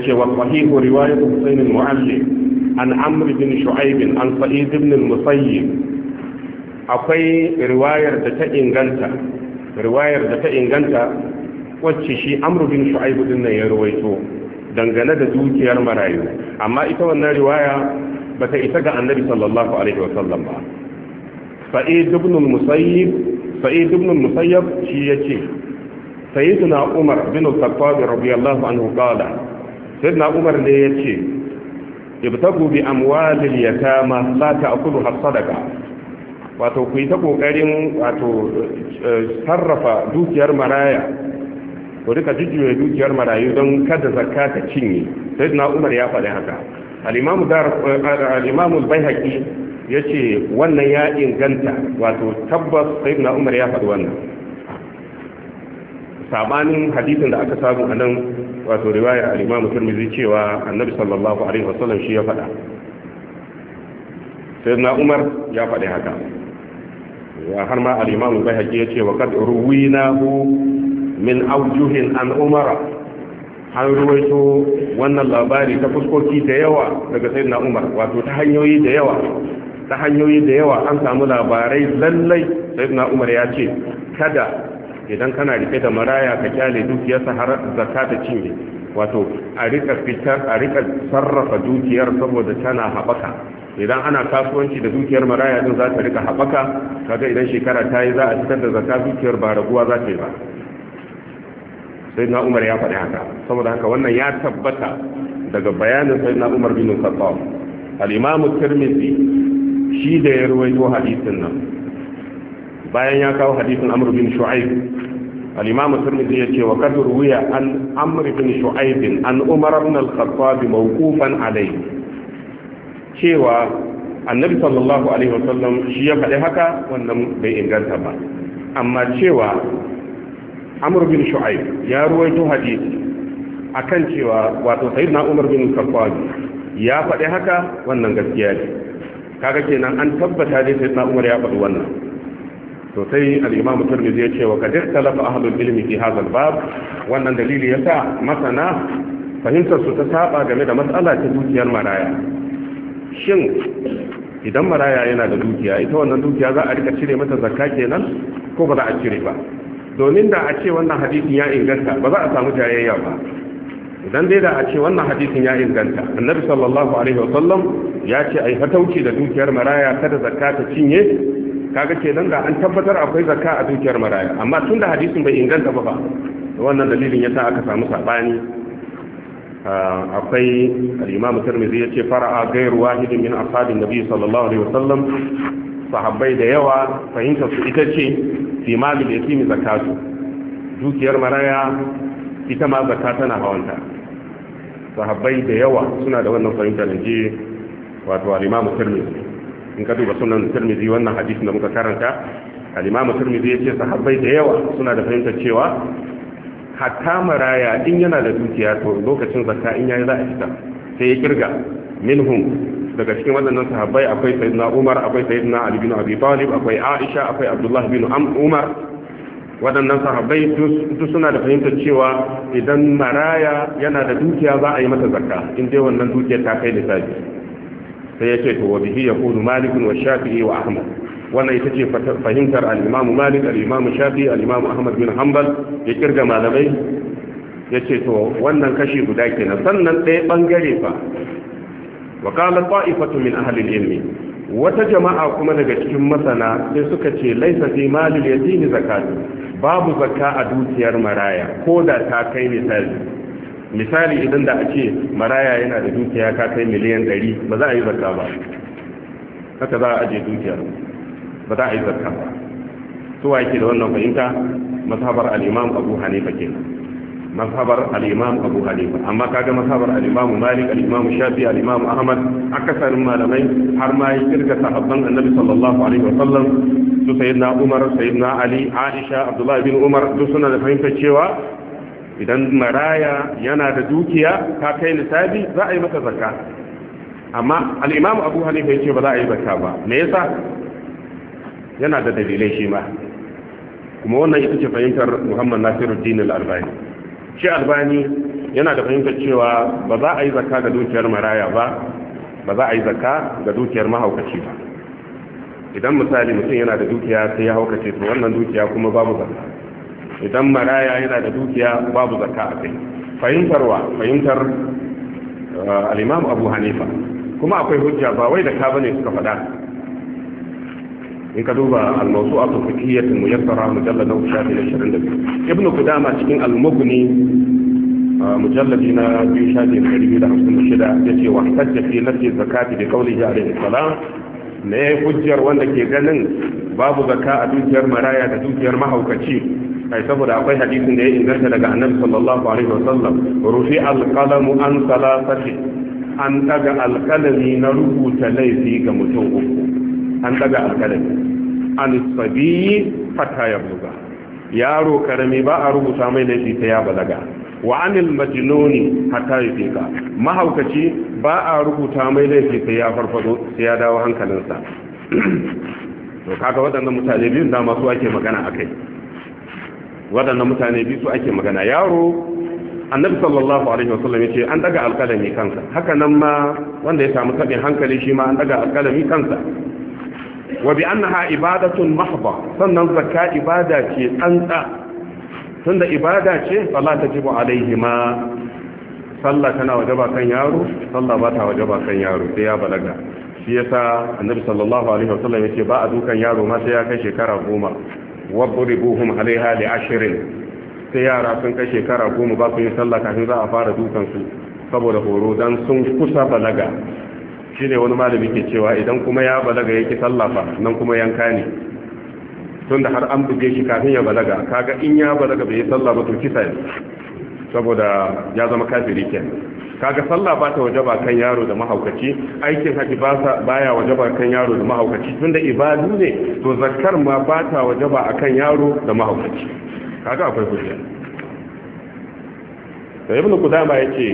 ce wa sahihu riwayat Husayn al-Mu'allim an Amr bin Shu'aib an Sa'id ibn al-Musayyib akwai riwayar da ta inganta riwayar da ta inganta wacce shi Amr bin Shu'aib din nan ya rawaito dangane da dukiyar marayu amma ita wannan riwaya bata isa ga Annabi sallallahu alaihi wa sallam ba Sa'id ibn al-Musayyib Sa'id ibn al-Musayyib shi yace sayyiduna umar bin al-khattab radiyallahu anhu qala sayyiduna umar ne yace ibtagu bi amwalil yatama la ta'kuluha sadaqa wato ku yi ta kokarin wato sarrafa dukiyar maraya ku rika jujjuya dukiyar marayu don kada zakka ta cinye sayyiduna umar ya faɗi haka al-imamu dar al-imamu al-baihaqi yace wannan ya inganta wato tabbas sayyiduna umar ya faɗi wannan sabanin hadisin da aka samu a nan wato riwaya al-Imam Tirmidhi cewa Annabi sallallahu alaihi wasallam shi ya faɗa na Umar ya faɗi haka ya har ma al haƙi ya ce wa kad hu min aujuhin an Umar an ruwaito wannan labari ta fuskoki da yawa daga na Umar wato ta hanyoyi da yawa ta hanyoyi da yawa an samu labarai lallai na Umar ya ce kada idan kana rike da maraya ka kyale dukiyarsa har zakka ta cinye wato a rika fitar a rika sarrafa dukiyar saboda tana haɓaka idan ana kasuwanci da dukiyar maraya din za ta rika haɓaka kaga idan shekara ta yi za a fitar da zakka dukiyar ba raguwa za ta yi ba sai na umar ya faɗi haka saboda haka wannan ya tabbata daga bayanin sai na umar bin khattab al-imam tirmidhi shi da ya ruwaito hadisin nan bayan ya kawo hadisin amr bin shu'aib al-imam tirmidhi yace wa qad ruwiya an amr bin shu'aib an umar ibn al-khattab mawqufan cewa annabi sallallahu alaihi wasallam shi ya faɗi haka wannan bai inganta ba amma cewa amr bin shu'aib ya ruwaito hadisi akan cewa wato sayyidina umar bin khattab ya faɗi haka wannan gaskiya ne kaga kenan an tabbata dai sayyidina umar ya faɗi wannan to sai al-imam turmizi ya ce wa kadir ikhtalafa ahlul ilmi fi hadha al-bab wannan dalili yasa masana fahimtar su ta saba game da matsala ta dukiyar maraya shin idan maraya yana da dukiya ita wannan dukiya za a rika cire mata zakka kenan ko ba za a cire ba domin da a ce wannan hadisin ya inganta ba za a samu jayayya ba idan dai da a ce wannan hadisin ya inganta annabi sallallahu alaihi wasallam ya ce ai fatauci da dukiyar maraya kada zakka ta cinye kaga kenan ga an tabbatar akwai zakka a dukiyar maraya amma tun da hadisin bai inganta ba wannan dalilin yasa aka samu sabani ah, akwai al-imam tirmidhi yace fara'a gairu wahidin min ashabin nabi sallallahu alaihi wasallam sahabbai da yawa fahimta su ita ce fi malil yatimi zakatu dukiyar maraya ita ma zakka tana hawanta sahabbai da yawa suna da wannan fahimtar je wato al-imam tirmidhi in ka duba sunan turmizi wannan hadisin da muka karanta al-imam ya yace sahabbai da yawa suna da fahimtar cewa hatta maraya in yana da dukiya to lokacin zakka in yayi za a fita sai ya kirga minhum daga cikin waɗannan sahabbai akwai sayyidina Umar akwai sayyidina Ali bin Abi Talib akwai Aisha akwai Abdullah bin Umar waɗannan sahabbai duk suna da fahimtar cewa idan maraya yana da dukiya za a yi mata zakka in dai wannan dukiya ta kai lissafi sai ya ce to wa bihi yaqulu malik wa shafi'i wa ahmad wannan ita ce fahimtar al-imam malik al-imam shafi'i al-imam ahmad bin hanbal ya kirga malamai ya ce to wannan kashi guda kenan sannan ɗaya bangare fa wa qala ta'ifatu min ahli al-ilmi wata jama'a kuma daga cikin masana sai suka ce laisa fi malil yatimi zakatu babu zakka a dukiyar maraya ko da ta kai misali misali idan da ake maraya yana da dukiya ka kai miliyan 100 ba za a yi zakka ba haka za a aje dukiyar ba za a yi zakka ba su wa ke da wannan fahimta masabar al-imam abu hanifa kenan masabar al-imam abu hanifa amma kaga masabar al-imam malik al-imam shafi al-imam ahmad akasarin malamai har ma yi kirga sahabban annabi sallallahu alaihi wa sallam su sayyidina umar sayyidina ali aisha abdullahi bin umar duk suna da fahimtar cewa idan maraya yana da dukiya ka kai nisabi za a yi maka zakka amma al'imamu abu hanifa ya ce ba za a yi zakka ba me yasa yana da dalilai shi ma kuma wannan ita ce fahimtar muhammad nasiruddin al-albani shi albani yana da fahimtar cewa ba za a yi zakka ga dukiyar maraya ba ba za a yi zakka ga dukiyar mahaukaci ba idan misali mutum yana da dukiya sai ya haukace to wannan dukiya kuma babu zakka idan maraya yana da dukiya babu zakka a kai fahimtarwa fahimtar eh, al'imam abu hanifa kuma akwai hujja ba wai da ka bane suka faɗa in ka duba almasu a tafiyatin muyassara mujallar na shafi na shirin da Ibn kudama cikin almugni eh, mujallabi na biyu shafi na ɗari biyu da hamsin da shida ya ce wa hajja fi lafi zakati da kauli ya alaihi salam na ya hujjar wanda ke ganin babu zakka a dukiyar maraya da dukiyar mahaukaci ai saboda akwai hadisin da ya inganta daga annabi sallallahu alaihi wasallam rufi alqalamu an salasati an daga alqalami na rubuta laifi ga mutum uku an daga alqalami an sabi fata ya buga yaro karami ba a rubuta mai laifi ta ya balaga wa anil majnuni hatta yafika mahaukaci ba a rubuta mai laifi sai ya farfado sai ya dawo hankalinsa to kaga waɗannan mutane biyun da masu ake magana akai waɗannan mutane biyu su ake magana yaro annabi sallallahu alaihi wasallam yace an daga alƙalami kansa haka nan ma wanda ya samu tabin hankali shi ma an daga alƙalami kansa wa bi annaha ibadatun mahdha sannan zakka ibada ce tsantsa tunda ibada ce fala tajibu alaihima sallah tana wajaba kan yaro sallah ba ta wajaba kan yaro sai ya balaga shi yasa annabi sallallahu alaihi wasallam yace ba a dukan yaro ma sai ya kai shekara goma wadribuhum alaiha hali ashirin sai yara sun kai shekara goma ba su yi sallah kafin za a fara dukan su saboda horo dan sun kusa balaga shine wani malami ke cewa idan kuma ya balaga yake sallah fa nan kuma yanka ne da har an buge shi kafin ya balaga kaga in ya balaga bai yi sallah ba to kisa saboda ya zama kafiri kenan kaga sallah ba ta wajaba kan yaro da mahaukaci aikin haji ba baya wajaba kan yaro da mahaukaci tunda ibadu ne to zakkar ma ba ta wajaba akan yaro da mahaukaci kaga akwai hujja da ibn kudama yake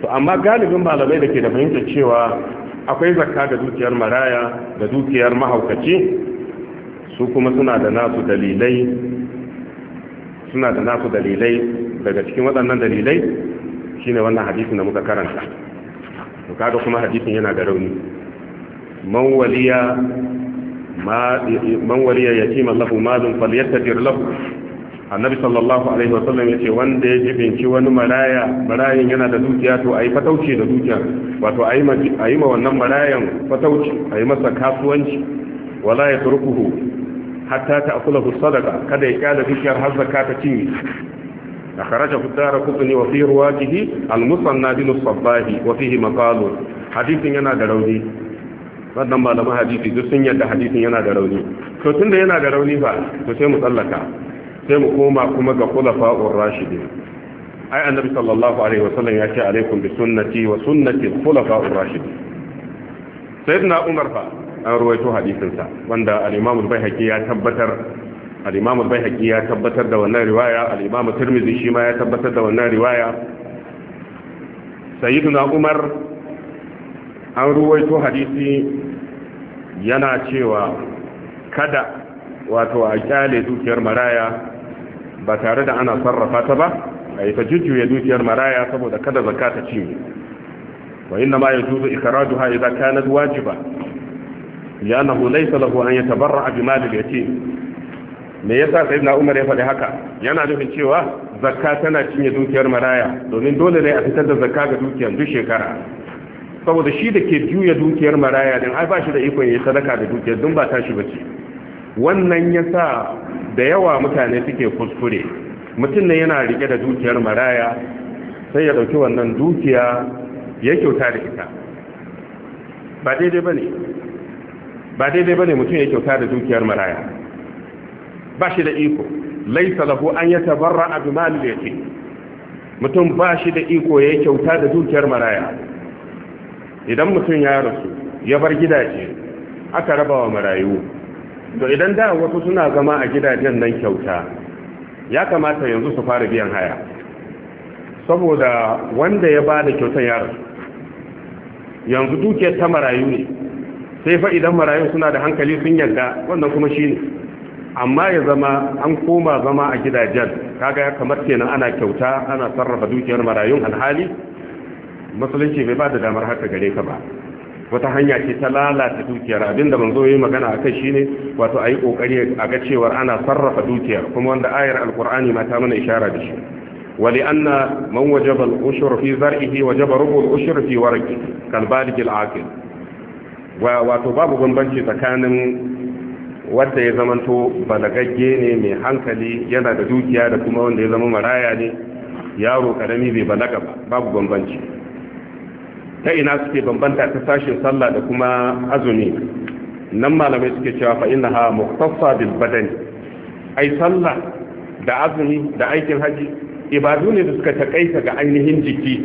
to amma galibin malamai da ke da fahimtar cewa akwai zakka da dukiyar maraya da dukiyar mahaukaci su kuma suna da nasu dalilai suna da nasu dalilai daga cikin waɗannan dalilai ne wannan hadisin da muka karanta to kaga kuma hadisin yana da rauni man waliya ma man waliya yatima lahu malun falyattadir lahu annabi sallallahu alaihi wa sallam ce wanda ya jibinci wani maraya marayan yana da dukiya to a yi fatauci da dukiya wato a yi ma wannan marayan fatauci yi masa kasuwanci wala ya yatrukuhu hatta ta'kulahu sadaqa kada ya kada dukiyar har zakata cinye أخرجه الدار قطني وفي رواجه المصنى بن الصباه وفيه مقال حديث ينا دروني wannan malaman hadisi duk sun yadda hadisin yana da rauni to tunda yana da rauni ba to sai mu tsallaka sai mu koma kuma ga khulafa'ur rashidin ai annabi sallallahu alaihi wasallam ya ce alaikum bi sunnati wa sunnati al-khulafa'ur rashidin sayyidina umar fa an ruwaito hadisin sa wanda al-imam al-baihaqi ya tabbatar Alimamu bai ya tabbatar da wannan riwaya Alimamu imam shi ma ya tabbatar da wannan riwaya sayyiduna umar an ruwaito hadisi yana cewa kada wato a kyale dukiyar maraya ba tare da ana sarrafa ta ba a yi ta jujjuya dukiyar maraya saboda kada zaka ta cinye wa inna ma yajuzu ikraduha idza kanat wajiba لأنه ليس له أن يتبرع بمال yace. me yasa sai na umar ya faɗi haka yana nufin cewa zakka tana cinye dukiyar maraya domin dole ne a fitar da zakka ga dukiyar duk shekara saboda shi da ke juya dukiyar maraya din ai ba shi da ikon ya sadaka da dukiyar dun ba ta shi bace wannan yasa da yawa mutane suke kuskure mutum ne yana rike da dukiyar maraya sai ya dauki wannan dukiya ya kyauta da ita ba daidai bane ba daidai bane mutum ya kyauta da dukiyar maraya ba shi da iko laisa lahu an yatabarra bi da yatim mutum ba shi da iko ya kyauta da dukiyar maraya idan mutum ya rasu ya bar gidaje aka raba wa marayu to idan da wasu suna zama a gidajen nan kyauta ya kamata yanzu su fara biyan haya saboda wanda ya bada da ya rasu yanzu dukiyar ta marayu ne sai fa idan marayu suna da hankali sun yarda wannan kuma shi ne amma ya zama an koma zama a gidajen kaga kamar kenan ana kyauta ana sarrafa dukiyar marayun alhali musulunci bai ba da damar haka gare ka ba wata hanya ce ta lalata dukiyar abinda zo yayi magana akai shine wato ayi kokari a ga cewar ana sarrafa dukiyar kuma wanda ayar alqur'ani ma ta mana ishara da shi wali anna man wajaba al-ushur fi zar'ihi wajaba rubu al-ushur fi warqihi kal balig wato babu bambanci tsakanin wanda ya zamanto balagagge ne mai hankali yana da dukiya da kuma wanda ya zama maraya ne yaro karami bai balaga ba babu bambanci ta ina suke bambanta ta sashin sallah da kuma azumi nan malamai suke cewa fa ha muktasa bil badani ai sallah da azumi da aikin haji ibadu ne da suka takaita ga ainihin jiki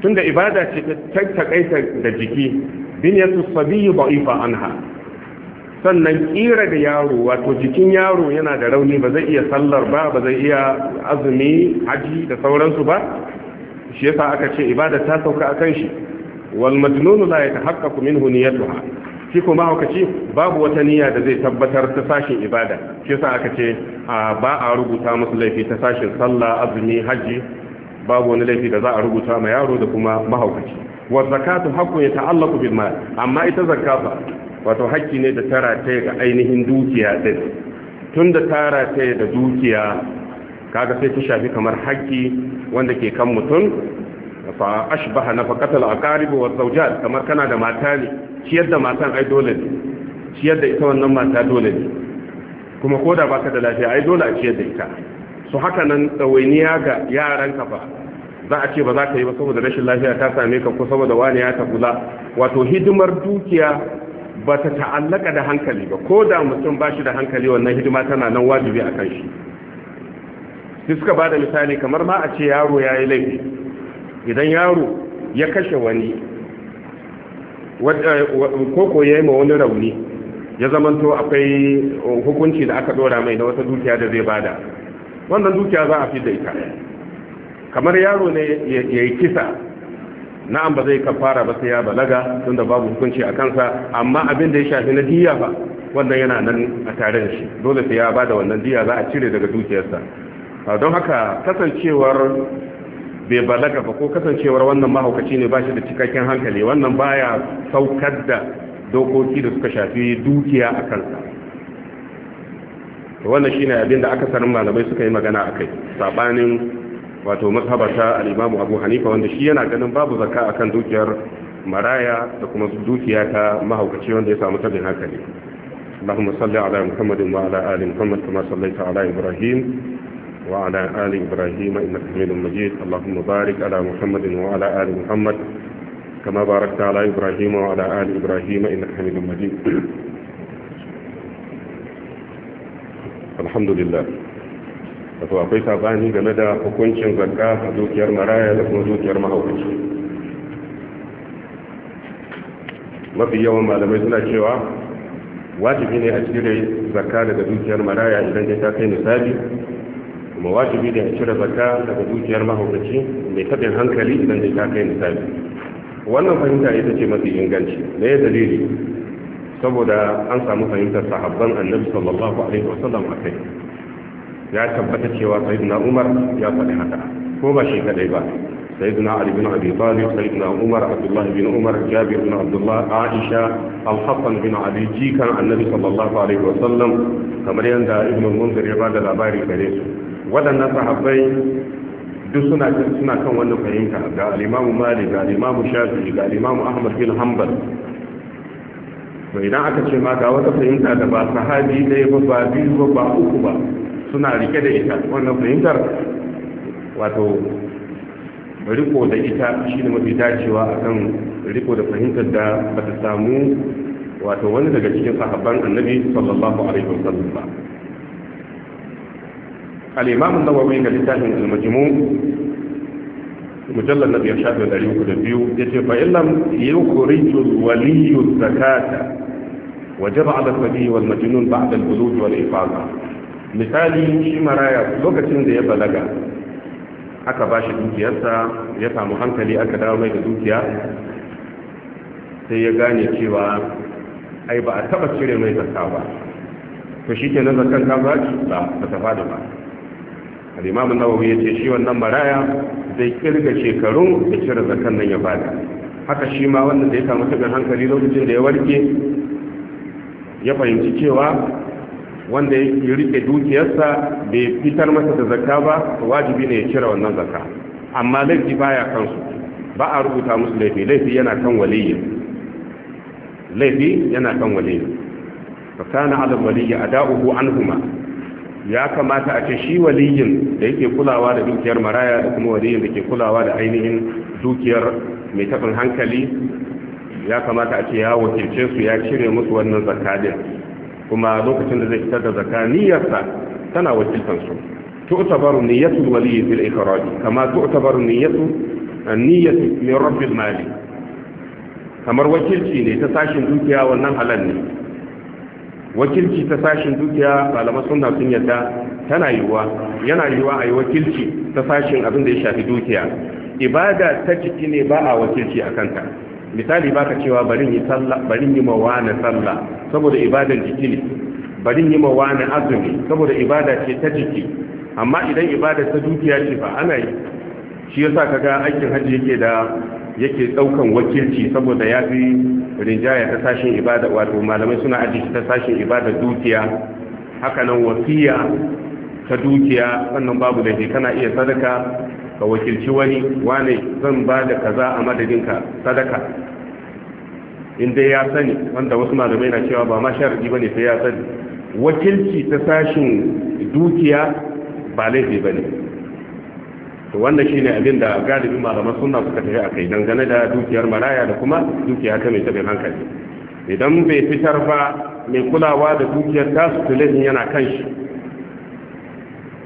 tunda ibada ce ta takaita da jiki binyatu sabiyyi an anha sannan kira da yaro wato jikin yaro yana da rauni ba zai iya sallar ba ba zai iya azumi haji da sauransu ba shi yasa aka ce ibada ta sauka akan shi wal majnun la yatahaqqaqu minhu niyyatuha shi kuma ce babu wata niyya da zai tabbatar ta sashin ibada shi yasa aka ce ba a rubuta musu laifi ta sashin sallah azumi haji babu wani laifi da za a rubuta ma yaro da kuma mahaukaci wa zakatu haqqun yata'allaqu bil mal amma ita zakata wato haƙƙi ne da tara ta ga ainihin dukiya din tunda tara ta da dukiya kaga sai ta shafi kamar haƙƙi wanda ke kan mutum fa ashbaha nafaqatal aqarib wa zawjat kamar kana da mata ne ciyar da matan ai dole ne ciyar da ita wannan mata dole ne kuma koda baka da lafiya ai dole a ciyar da ita su haka nan tsawainiya ga yaran ka fa za a ce ba za ka yi ba saboda rashin lafiya ta same ka ko saboda wani ya tabula wato hidimar dukiya ba ta ta'allaka da hankali ba ko da mutum ba shi da hankali wannan hidima tana nan wajibi a kan shi sai suka ba da misali kamar ma a ce yaro ya yi laifi idan yaro ya kashe wani koko ya yi ma wani rauni ya zamanto akwai hukunci da aka dora mai na wata dukiya da zai bada wannan dukiya za a fi da ita kamar yaro ne ya yi kisa na'am ba zai kafara ba sai ya balaga tunda babu hukunci a kansa amma abin da ya shafi na diya ba wannan yana nan a tare da shi dole sai ya ba da wannan diya za a cire daga dukiyarsa ah, don haka kasancewar bai balaga ba ko kasancewar wannan mahaukaci ne ba shi da cikakken hankali wannan baya saukar da dokoki da suka shafi dukiya a kansa wannan shine abin da akasarin malamai suka yi magana a sabanin wato mazhaba ta al-imamu abu hanifa wanda shi yana ganin babu zakka akan dukiyar maraya da kuma dukiya ta mahaukaci wanda ya samu tabin hankali Allahumma salli ala Muhammadin wa ala Muhammad kama sallaita ala Ibrahim wa ala ali Ibrahim innaka Hamidum Majid Allahumma barik ala Muhammadin wa ala ali Muhammad kama barakta ala Ibrahim wa ala ali Ibrahim innaka Hamidum Majid Alhamdulillah wato akwai sabani game da hukuncin zakka a dukiyar maraya da kuma dukiyar mahaukaci mafi yawan malamai suna cewa wajibi ne a cire zakka daga dukiyar maraya idan ya ta kai misali kuma wajibi ne a cire zakka daga dukiyar mahaukaci mai taɓin hankali idan ya ta kai misali wannan fahimta ita ce mafi inganci na ne dalili saboda an samu fahimtar sahabban annabi sallallahu alaihi wasallam a kai ya tabbata cewa sayyidina umar ya faɗi haka ko ba shi kadai ba سيدنا علي بن أبي طالب سيدنا عمر عبد الله بن عمر جابر بن عبد الله bin الحسن jikan annabi جيكا عن النبي صلى الله عليه وسلم كما يندى ابن المنذر عباد الأباري كريس duk suna suna kan wannan fahimta ga al-Imam Malik ga al-Imam ga Ahmad bin Hanbal to idan aka ce ma ga wata fahimta da ba sahabi ɗaya ba ba biyu ba ba uku ba suna rike da ita wannan fahimtar wato riko da ita shi ne mafi dacewa a kan riko da fahimtar da ba ta samu wato wani daga cikin sahabban annabi sallallahu alaihi wasallam ba al-imam an-nawawi ga littafin al-majmu mujallal nabi shafi da riku da biyu yace fa illam yukhriju al zakata wajaba ala sabi wal majnun ba'da al wal misali shi maraya lokacin da ya balaga aka ba shi dukiyarsa ya samu hankali aka dawo mai da dukiya sai ya gane cewa ai ba a taba cire mai zakka ba to shi ke na kan ba ba ba ta fada ba Alimamin nawawi ya ce shi wannan maraya zai kirga shekarun da cire zakkan nan ya fada haka shi ma wannan da ya samu tabin hankali lokacin da ya warke ya fahimci cewa wanda ya rike dukiyarsa bai fitar masa da zakka ba wajibi ne ya cire wannan zakka amma laifi baya kansu ba a rubuta musu laifi laifi yana kan waliyyi laifi yana kan waliyyi fa kana ala waliyyi ada'uhu anhuma ya kamata a ce shi waliyin da yake kulawa da dukiyar maraya da kuma waliyin da ke kulawa da ainihin dukiyar mai taɓin hankali ya kamata a ce ya wakilce su ya cire musu wannan din kuma lokacin da zai fitar da zakka niyyarsa tana wakiltar su tu'tabaru niyyatu wali fil ikhraj kama tu'tabaru niyyatu niyyatu min rabbil mali kamar wakilci ne ta sashin dukiya wannan halal ne wakilci ta sashin dukiya malama sunna sun yadda tana yiwuwa yana yiwuwa a yi wakilci ta sashin abin da ya shafi dukiya ibada ta jiki ne ba a wakilci a kanta misali baka cewa barin yi sallah barin yi mawana sallah saboda ibadar jiki ne barin yi mawana azumi saboda ibada ce ta jiki amma idan ibada ta dukiya ce ba ana yi shi yasa kaga aikin hajji yake da yake daukan wakilci saboda ya fi rinjaya ta sashin ibada wato malamai suna aji ta sashin ibada dukiya haka nan wasiya ta dukiya wannan babu da kana iya sadaka ka wakilci wani wane zan ba da kaza a madadinka sadaka in dai ya sani wanda wasu malamai na cewa ba ma sharadi ne sai ya sani wakilci ta sashin dukiya ba laifi ne to wannan shi ne abin da galibin malaman suna suka tafi kai, dangane da dukiyar maraya da kuma dukiya ta mai tabin hankali idan bai fitar ba mai kulawa da dukiyar tasu yana kan shi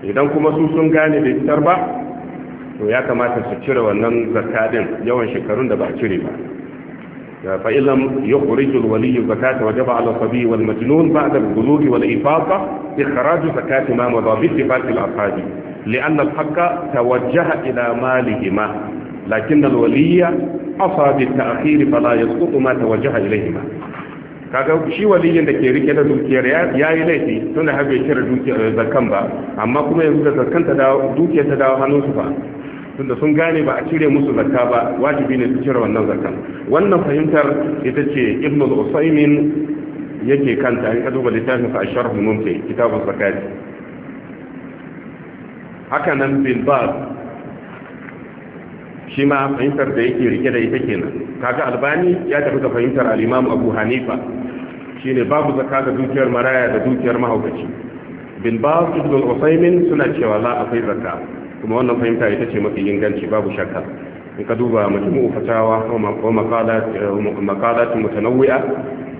idan kuma su sun gane bai fitar ba to ya kamata su cire wannan zakadin yawan shekarun da ba a cire ba fa illam yukhrij al wali zakata wajaba ala sabi wal majnun ba'da al bulugh wal ifada ikhraj zakati ma madha bi ittifaq al afad لأن الحق توجه إلى مالهما لكن الولي أصى بالتأخير فلا يسقط ما توجه إليهما kaga shi waliyin da ke rike da dukiyar ya yi laifi tun da har bai kira eh, zakkan ba amma kuma yanzu da zakkan ta dawo dukiyar ta dawo hannunsu ba da sun gane ba a cire musu zakka ba wajibi ne su cire wannan zakka wannan fahimtar ita ce ibnu usaymin yake kanta in ka duba littafin sa asharhu mumti kitabu zakat haka nan bin shi ma fahimtar da yake rike da ita kenan kaga albani ya tafi da fahimtar al-imam abu hanifa shine babu zakka ga dukiyar maraya da dukiyar mahaukaci bin bab ibn usaymin suna cewa za a kai zakka kuma wannan fahimta ita ce mafi inganci babu shakka in ka duba majmu'u fatawa wa maqalat mutanawwi'a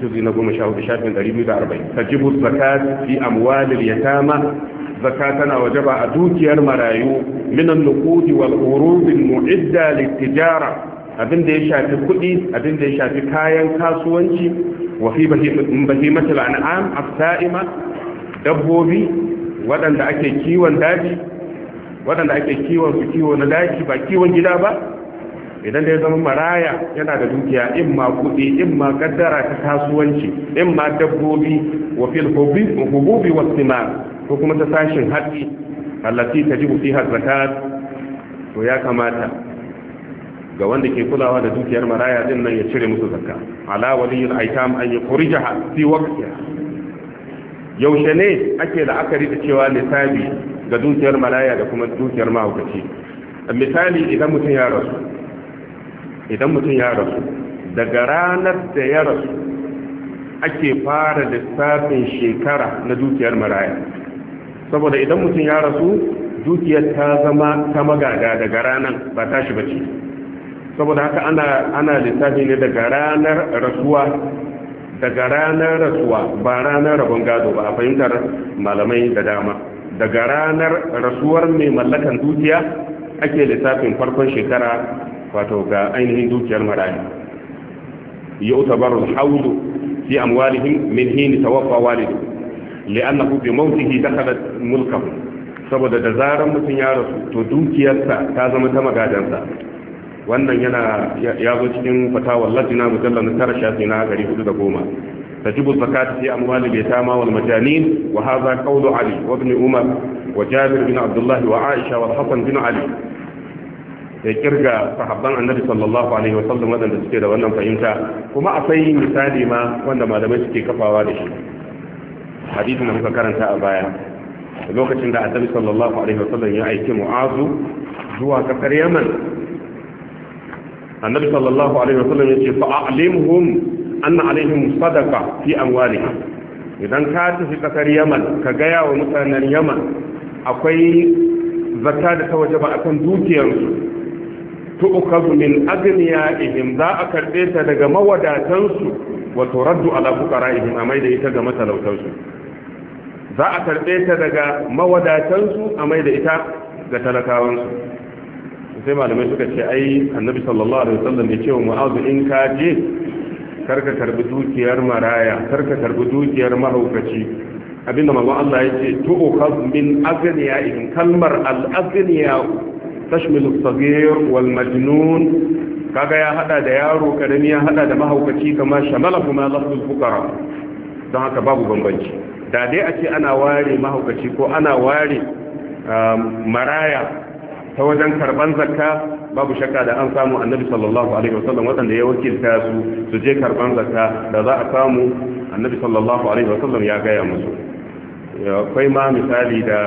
juz'i na 14 shafin ɗari biyu da 240 tajibu zakat fi amwalil yatama zakka tana wajaba a dukiyar marayu minan nuqudi wal urubil mu'idda lit-tijara abin da ya shafi kuɗi abin da ya shafi kayan kasuwanci wa fi bahimatul an'am as-sa'ima dabbobi waɗanda ake kiwon daji waɗanda ake kiwon su kiwo na daji ba kiwon gida ba idan da ya zama maraya yana da dukiya in ma kuɗi in ma kaddara ta kasuwanci in ma dabbobi wa fil hububi wa sima ko kuma ta sashin haƙi allati tajibu fiha zakat to ya kamata ga wanda ke kulawa da dukiyar maraya din nan ya cire musu zakka ala waliyil aitam an yukhrijaha fi waqtiha yaushe ne ake la'akari da cewa lissafi? ga dukiyar malaya da kuma dukiyar mahaukaci misali idan mutum ya rasu idan mutum ya rasu daga ranar da ya rasu ake fara lissafin shekara na dukiyar maraya saboda idan mutum ya rasu dukiyar ta zama ta magada daga ranar ba tashi bace saboda haka ana ana lissafi ne daga ranar rasuwa daga ranar rasuwa ba ranar rabon gado ba a fahimtar malamai da dama daga ranar rasuwar mai mallakan dukiya ake lissafin farkon shekara wato ga ainihin dukiyar marayu yu'tabaru al haudu fi amwalihim min hin tawaffa walidu li'annahu bi mawtihi dakhalat mulkahu saboda da zaran mutum ya rasu to dukiyarsa ta zama ta magadansa wannan yana ya zo cikin fatawar lajina da tara shafi na gari hudu da goma تجب الزكاة في أموال اليتامى والمجانين وهذا قول علي وابن عمر وجابر بن عبد الله وعائشة والحسن بن علي ya kirga sahabban annabi sallallahu alaihi wasallam wadanda suke da wannan fahimta kuma akwai misali ma wanda malamai suke kafawa da shi hadisin da karanta a baya lokacin da annabi sallallahu alaihi wasallam ya aiki mu'azu zuwa kasar yaman annabi sallallahu alaihi wasallam ya ce fa'alimhum anna alaihim sadaqa fi amwalihim idan ka tafi kasar Yaman ka gaya wa mutanen Yaman akwai zata da ta waje wajaba akan dukiyarsu tu'khadhu min aghniyaihim za a karɓe ta daga mawadatansu wato turaddu ala fuqara'ihim amai da ita ga matalautansu za a karɓe ta daga mawadatansu amai da ita ga talakawansu sai malamai suka ce ai annabi sallallahu alaihi wasallam ya ce wa mu'azu in ka je karka karbi dukiyar maraya karka karbi dukiyar mahaukaci abinda manzon Allah ce tu'khaz min in kalmar al-aghniya'u tashmilu as-saghir wal majnun kaga ya hada da yaro karami ya hada da mahaukaci kama shamala kuma lafzul fuqara don haka babu bambanci da dai a ce ana ware mahaukaci ko ana ware ah, maraya ta wajen karban zakka babu shakka da an samu annabi sallallahu alaihi wasallam waɗanda ya wakilta su su je karban zakka da za a samu annabi sallallahu alaihi wasallam ya gaya musu akwai ma misali da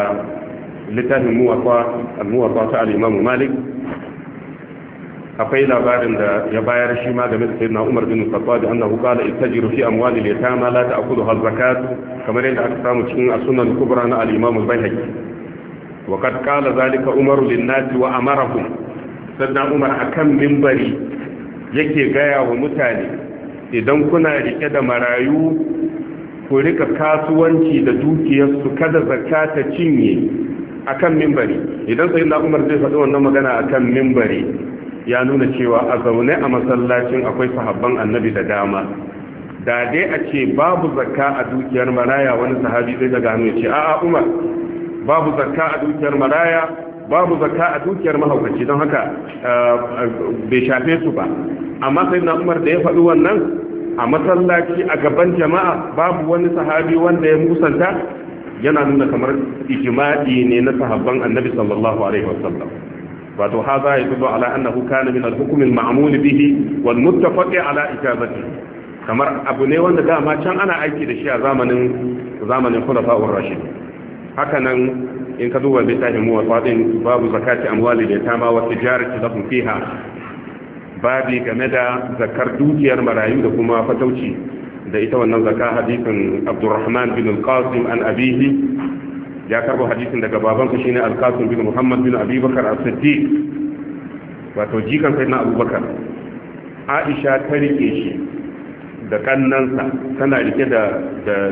littafin muwafa al-muwafa ta al-imam malik akwai labarin da ya bayar shi ma game da sayyidina Umar bin Khattab da annahu qala ittajiru fi amwali al-yatama la ta'khudhu al-zakat kamar yadda aka samu cikin as-sunan kubra na al-Imam al-Baihaqi wa qad qala zalika Umar lin-nas wa amarahum sannan umar a kan mimbari yake gaya wa mutane idan kuna rike da marayu ku rika kasuwanci da dukiyarsu kada zakka ta cinye a kan mimbari idan sayin da umar zai faɗi wannan magana a kan mimbari ya nuna cewa a zaune a masallacin akwai sahabban annabi da dama da dai a ce babu zakka a dukiyar maraya wani sahabi zai daga hannu ya ce a'a umar babu zakka a dukiyar maraya babu zakka a dukiyar mahaukaci don haka eh, bai shafe su ba amma sai na umar da ya faɗi wannan a masallaci a gaban jama'a babu wani sahabi wanda ya musanta yana nuna kamar ijma'i ne na sahabban annabi sallallahu alaihi wasallam wato haza ya tudu ala annahu kana min al-hukm al bihi wal muttafaq ala ijabati kamar abu ne wanda dama can ana aiki da shi a zamanin zamanin khulafa'ur rashid haka nan in ka duba littafin muwafa din babu zakati amwali da tama wa tijarati lahum fiha babi game da zakar dukiyar marayu da kuma fatauci da ita wannan zaka hadisin Abdurrahman bin Al-Qasim an abihi ya karbo hadisin daga babansa shine Al-Qasim bin Muhammad bin Abi Bakar As-Siddiq wato jikan na Abubakar Aisha ta rike shi da kannansa tana rike da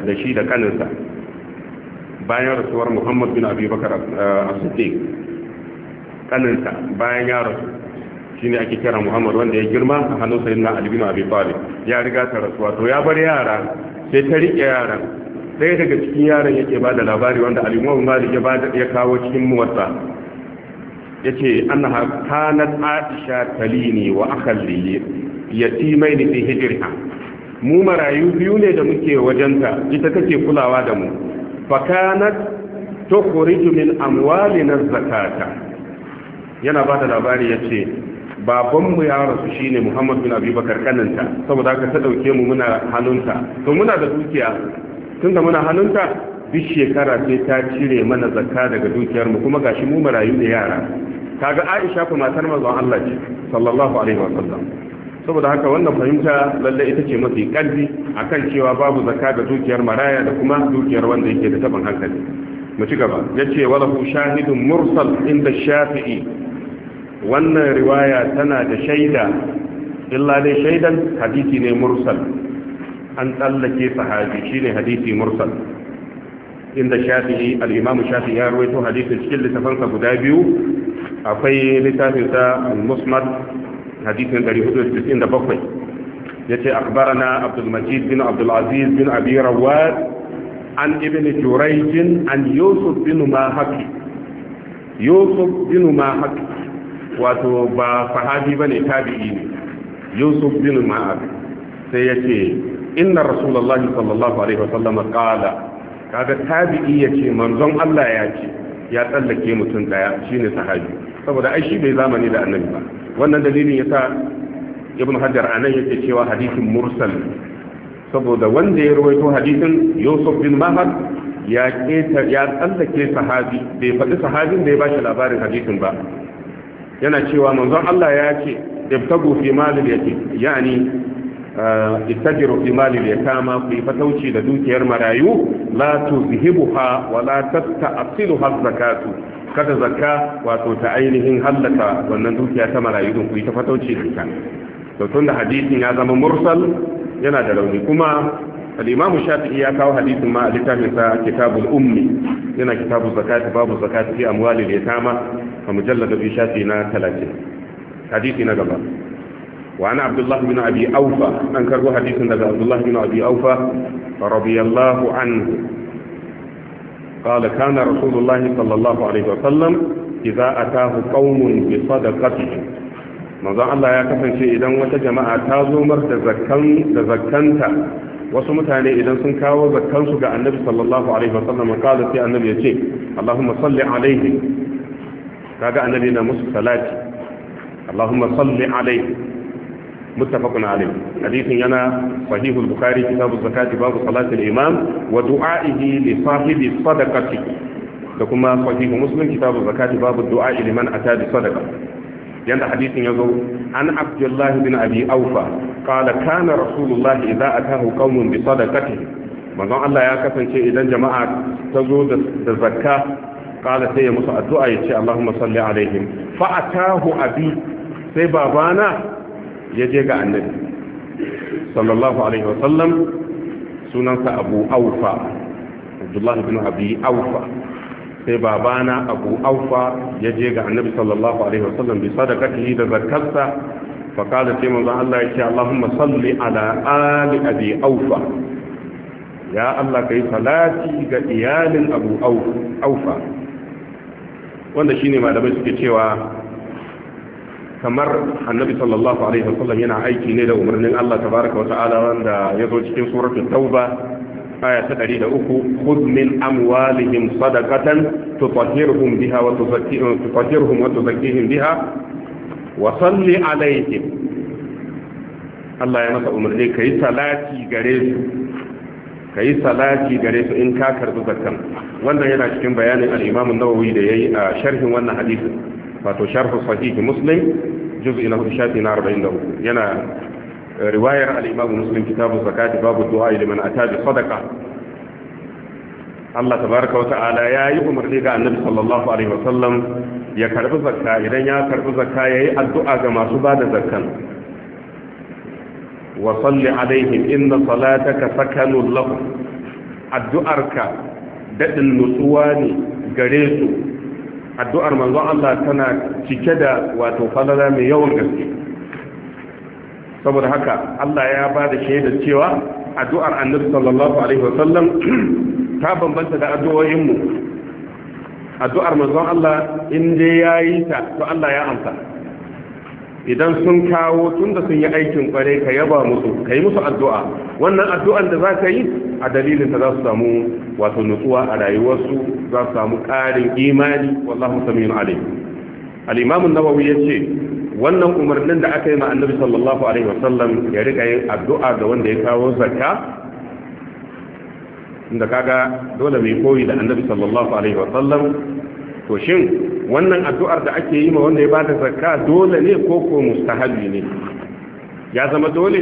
da shi da kaninsa bayan rasuwar muhammad bin abi bakar eh, a siddiq kaninsa bayan ya rasu ne ake kira muhammad wanda ya girma a hannun sayyidina na bin abi talib ya riga ta rasuwa to ya bar yara sai ta riƙe yaran Sai daga cikin yaran yake ba da labari wanda ali mali malik ya ya kawo cikin ya ce ana annaha kanat aisha talini wa ti mai nufin hijirka mu marayu biyu ne da muke wajenta ita take kulawa da mu fakanat tukhriju min amwalina zakata yana ba da labari yace babanmu ya rasu shine Muhammad bin Abi Bakar kananta saboda haka ta ɗauke mu muna hannunta to muna da dukiya tunda muna hannunta duk shekara sai ta cire mana zakka daga dukiyarmu kuma ga shi mu marayu da yara kaga Aisha fa matar manzon Allah ce sallallahu alaihi wasallam saboda haka wannan fahimta lalle ita ce mafi karfi kan cewa babu zaka ga dukiyar maraya da kuma dukiyar wanda yake da taban hankali mu ci gaba wala ku shahidun mursal inda shafi'i wannan riwaya tana da shaida illa dai shaidan hadisi ne mursal an tsallake sahabi shine hadisi mursal inda shafi'i al-imam shafi'i ya rawaito hadisi cikin littafansa guda biyu akwai littafinsa al-musnad hadisin 497 yace akhbarana abdul majid bin abdul aziz bin abi rawad an ibn jurayj an yusuf bin mahaki yusuf bin mahaki wato ba sahabi bane tabi'i ne yusuf bin mahaki sai yace inna rasulullahi sallallahu alaihi wasallam qala kaga tabi'i yace manzon Allah ya ce ya tsallake mutum daya shine sahabi saboda ai shi bai zamani da annabi ba wannan dalilin yasa ibn hajar anan yake cewa hadisin mursal saboda wanda ya rawaito hadisin yusuf bin mahad ya keta ya tsallake sahabi bai faɗi sahabin da ya bashi labarin hadisin ba yana cewa manzon Allah ya ce ibtagu fi malil yati yani ittajiru imali ya kama ku yi fatauci da dukiyar marayu la tuzhibuha wa la tasta'siluha zakatu kada zakka wato ta ainihin hallaka wannan dukiya ta marayu din ku yi ta da ita to tun da hadisin ya zama mursal yana da rauni kuma al-imamu shafi'i ya kawo hadisin ma a littafin sa kitabul ummi yana kitabu zakati babu zakati fi amwalil yatama a mujallad bi shafi na 30 hadisi na gaba وعن عبد الله بن أبي أوفى an حديث لدى عبد الله بن أبي أوفى رضي الله عنه قال كان رسول الله صلى الله عليه وسلم إذا أتاه قوم بصدقته manzon Allah ya kasance idan wata jama'a ta zo mar da zakkanta wasu mutane idan sun kawo zakkansu ga annabi sallallahu alaihi wasallam kada sai annabi ya ce Allahumma salli alaihi kaga annabi na musu salati Allahumma salli alaihi muttafaqun alayh hadisin yana sahihul bukhari kitabu zakati babu salatul imam wa du'a'ihi li sahibi sadaqati da kuma sahihu muslim kitabu zakati babu du'a'i liman ata bi sadaqa yanda hadisin yazo an abdullahi bin abi aufa qala kana rasulullahi idza atahu qaumun bi sadaqatihi manzon Allah ya kasance idan jama'a ta zo da zakka kala sai ya musu addu'a ya ce Allahumma salli alaihim fa atahu abi sai babana ya je ga annabi sallallahu alaihi wasallam sunansa abu aufa abdullahi bin abi aufa sai babana abu aufa ya je ga annabi sallallahu alaihi wasallam bi sadaqatihi da zakarsa fa da sai manzon Allah ya Allahumma salli ala ali abi aufa ya Allah kai salati ga iyalin abu aufa wanda shine malamai suke cewa kamar annabi sallallahu alaihi wasallam yana aiki ne da umarnin Allah tabaraka wa ta'ala wanda ya zo cikin suratul tauba aya ta ɗari 103 khudh min amwalihim sadaqatan tutahhiruhum biha wa tuzakkihim wa tuzakkihim biha wa salli alaihim Allah ya masa umarni kai salati gare su kai salati gare su in ka karbi zakkan wannan yana cikin bayanin al-Imam an-Nawawi da yayi a sharhin wannan hadisin wato sharhu sahihi muslim juz'i na shafi na 43 yana eh, riwayar al-imam muslim kitabu zakati babu du'a liman ata bi sadaqa Allah tabaraka wa ta'ala ya yi umarni ga annabi sallallahu alaihi wa sallam ya karbi zakka idan ya karbi zakka yayi addu'a ga masu bada zakkan wa salli alaihim inna salataka sakanun lahum addu'arka dadin nutsuwa ne gare su addu'ar manzon Allah tana cike da wato falala mai yawan gaske saboda haka Allah ya ba da shaida cewa addu'ar annabi sallallahu alaihi wasallam ta bambanta da addu'o'inmu addu'ar manzon Allah in dai yayi ta to Allah ya amsa idan sun kawo tun da sun yi aikin kware ka yaba musu ka yi musu addu'a wannan addu'an da za ka yi a dalilin ta za su samu wato nutsuwa a rayuwarsu za su samu ƙarin imani wallahu samin alim al'imamun nawawi ya ce wannan umarnin da aka yi ma annabi sallallahu alaihi wasallam ya rika yin addu'a ga wanda ya kawo zakka inda kaga dole mai koyi da annabi sallallahu alaihi wasallam to shin wannan addu'ar da ake yi ma wanda ya bada zakka dole ne ko ko mustahabi ne ya zama dole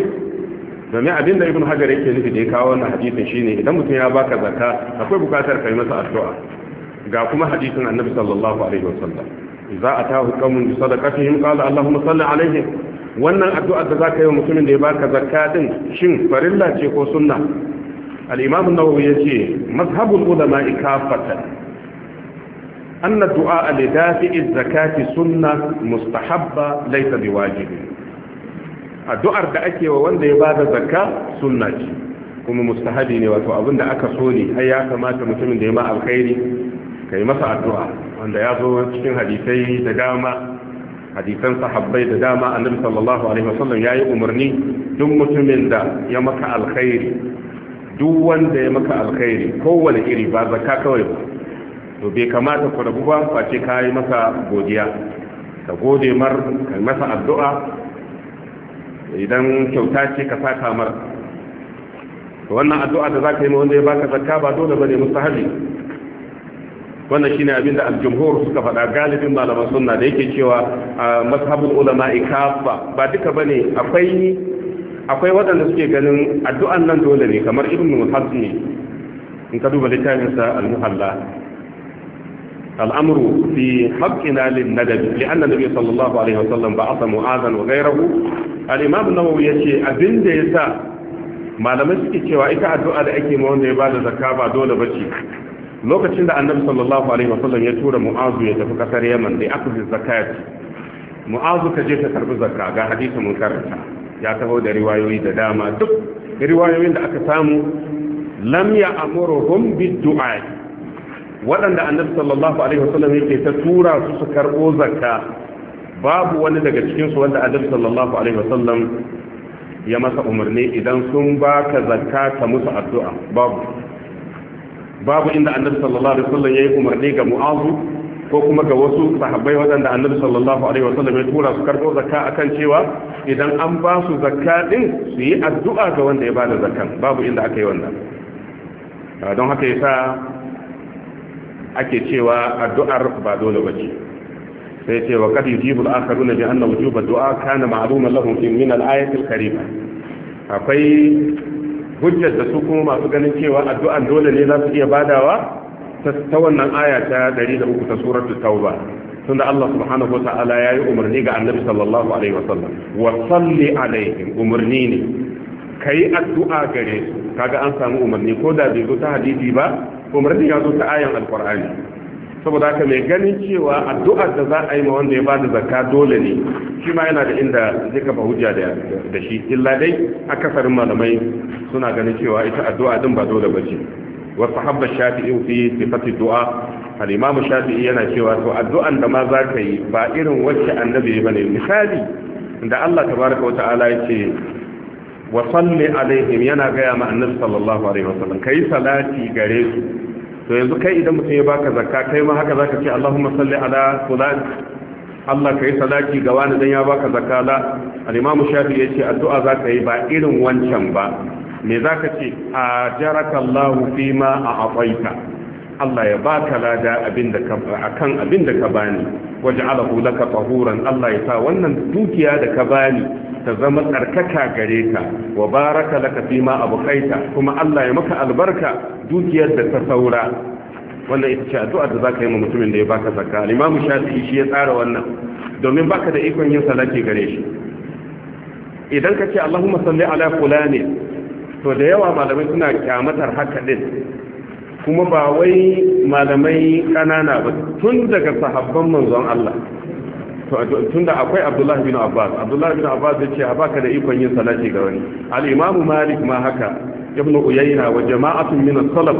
domin abin da ibn hajar yake nufi da ya kawo wannan hadisin shine idan mutum ya baka zakka akwai bukatar kai masa addu'a ga kuma hadisin annabi sallallahu alaihi wasallam idza atahu qaumun bi sadaqatihim qala allahumma salli alaihim wannan addu'ar da zaka yi wa mutumin da ya baka zakka din shin farilla ce ko sunna al-imam an-nawawi yace mazhabul ulama'i kafatan An أن الدعاء لدافع الزكاة سنة مستحبة ليس بواجب الدعاء da ake wa wanda ya bada zakka sunna ce kuma mustahabi ne wato abin da aka so ne ai ya kamata mutumin da ya ma kai masa addu'a wanda ya zo cikin hadisai da dama hadisan sahabbai da dama annabi sallallahu alaihi wasallam yayi umarni duk mutumin da ya maka alkhairi duk wanda ya maka alkhairi kowane iri ba zakka kawai ba to bai kamata ku rabu ba face ka yi masa godiya ka gode mar ka masa addu'a idan kyauta ce ka saka mar wannan addu'a da za ka yi wanda ya baka zakka ba dole ba ne mustahabi wannan shine abin da aljumhur suka faɗa galibin malaman sunna da yake cewa mazhabul ulama ikafa ba duka bane akwai akwai waɗanda suke ganin addu'an nan dole ne kamar ibnu hazmi in ka duba littafinsa al-muhalla الأمر في حقنا للندب لأن النبي صلى الله عليه وسلم بعث معاذا وغيره الإمام النووي يشي أبن ديسا ما لمسك cewa ita addu'a da ake ma wanda ya da zakka ba dole bace lokacin da annabi ya tura mu'azu ya tafi kasar yaman da aka bi zakat mu'azu ka je ka karbi zakka ga hadisi mun karanta ya taho da riwayoyi da dama duk riwayoyin da aka samu lamya ya amuruhum du'a waɗanda annabi sallallahu alaihi wasallam yake ta tura su su karɓo zakka babu wani daga cikin su wanda annabi sallallahu alaihi wasallam ya masa umarni idan sun baka zakka ta musu addu'a babu babu inda annabi sallallahu alaihi wasallam yayi umarni ga mu'azu ko kuma ga wasu sahabbai waɗanda annabi sallallahu alaihi wasallam ya tura su karɓo zakka akan cewa idan an ba su zakka din su yi addu'a ga wanda ya bada zakkan babu inda aka yi wannan don haka yasa ake cewa addu'ar ba dole ba bace sai ce wa kad yujibu al-akharuna bi anna wujub ad-du'a kana ma'luman lahum min al karima akwai hujjar da su kuma masu ganin cewa addu'an dole ne za su iya badawa ta wannan aya ta 103 ta ta tauba tunda Allah subhanahu wata'ala ya yi umarni ga annabi sallallahu alaihi wa wasallam wa salli alaihim umarni ne kai addu'a gare su kaga an samu umarni ko da bai zo ta hadisi ba umarni ya zo ta ayan alkur'ani saboda haka mai ganin cewa addu'ar da za a yi ma wanda ya bada zakka dole ne shi ma yana da inda zai kafa hujja da shi illa dai akasarin malamai suna ganin cewa ita addu'a din ba dole bace wa sahabba shafi'i fi sifati du'a al-imam shafi'i yana cewa to addu'an da ma za ka yi ba irin wacce annabi bane misali da Allah tabaraka wa ta'ala wa salli alaihim yana gaya ma annabi sallallahu alaihi wasallam kai salati gare su to yanzu kai idan mutum ya baka zakka kai ma haka zaka ce Allahumma salli ala fulan Allah kai salati ga wani dan ya baka zakka la al-Imam Shafi yace addu'a zaka yi ba irin wancan ba me zaka ce ajaraka Allah fi ma a'taita Allah ya baka lada a kan abin abinda ka bani alahu laka tahuran Allah ya sa wannan dukiya da ka bani ta zama tsarkaka gare ka wa baraka laka fima abqaita kuma Allah ya maka albarka dukiyar da ta saura wannan ita ce addu'a da zaka yi ma mutumin da ya baka zakka al-Imam shi ya tsara wannan domin baka da ikon yin salati gare shi idan ka ce Allahumma salli ala fulani to da yawa malamai suna kyamatar haka din kuma ba wai malamai kanana ba tun daga sahabban manzon Allah tun da akwai abdullahi bin abbas abdullahi bin abbas ya ce a ka da ikon yin salati ga wani al'imamu malik ma haka ibn uyayna wa jama'atun min as-salaf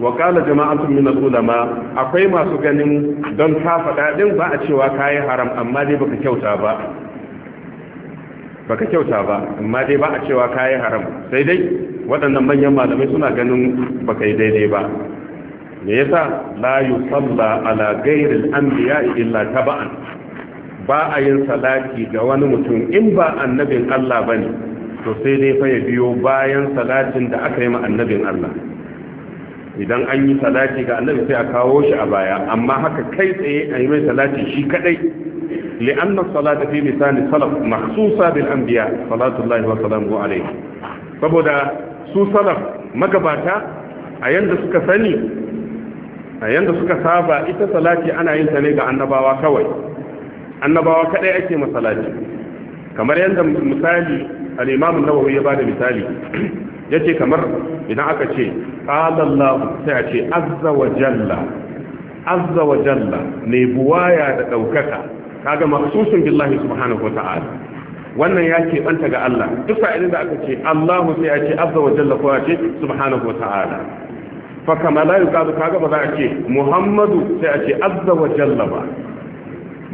wa qala jama'atun min al-ulama akwai masu ganin don ka faɗa din ba a cewa kai haram amma dai baka kyauta ba baka kyauta ba amma dai ba a cewa kai haram sai dai waɗannan manyan malamai suna ganin ba kai daidai ba me yasa la yusalla ala ghairi al-anbiya illa taba'an ba a yin salati ga wani mutum in ba annabin Allah bane to sai dai fa ya biyo bayan salatin da aka yi ma annabin Allah idan an yi salati ga annabi sai a kawo shi a baya amma haka kai tsaye a yi mai salati shi kadai لأن الصلاة في لسان السلف مخصوصة بالأنبياء صلاة الله وسلامه عليه saboda su salaf magabata a yanda suka sani a yanda suka saba ita salati ana yin ta ne ga annabawa kawai annabawa kadai ake masalati kamar yanda misali al-imam an-nawawi ya bada misali yace kamar idan aka ce qala Allah sai a ce azza wa jalla azza wa jalla ne buwaya da daukaka kaga maksusun billahi subhanahu wa ta'ala wannan ya ke banta ga Allah duk sa'ilin da aka ce Allahu sai a ce azza wa jalla ko a ce subhanahu wa ta'ala fa kama la yuqalu kaga ba za a ce Muhammadu sai a ce azza wa jalla ba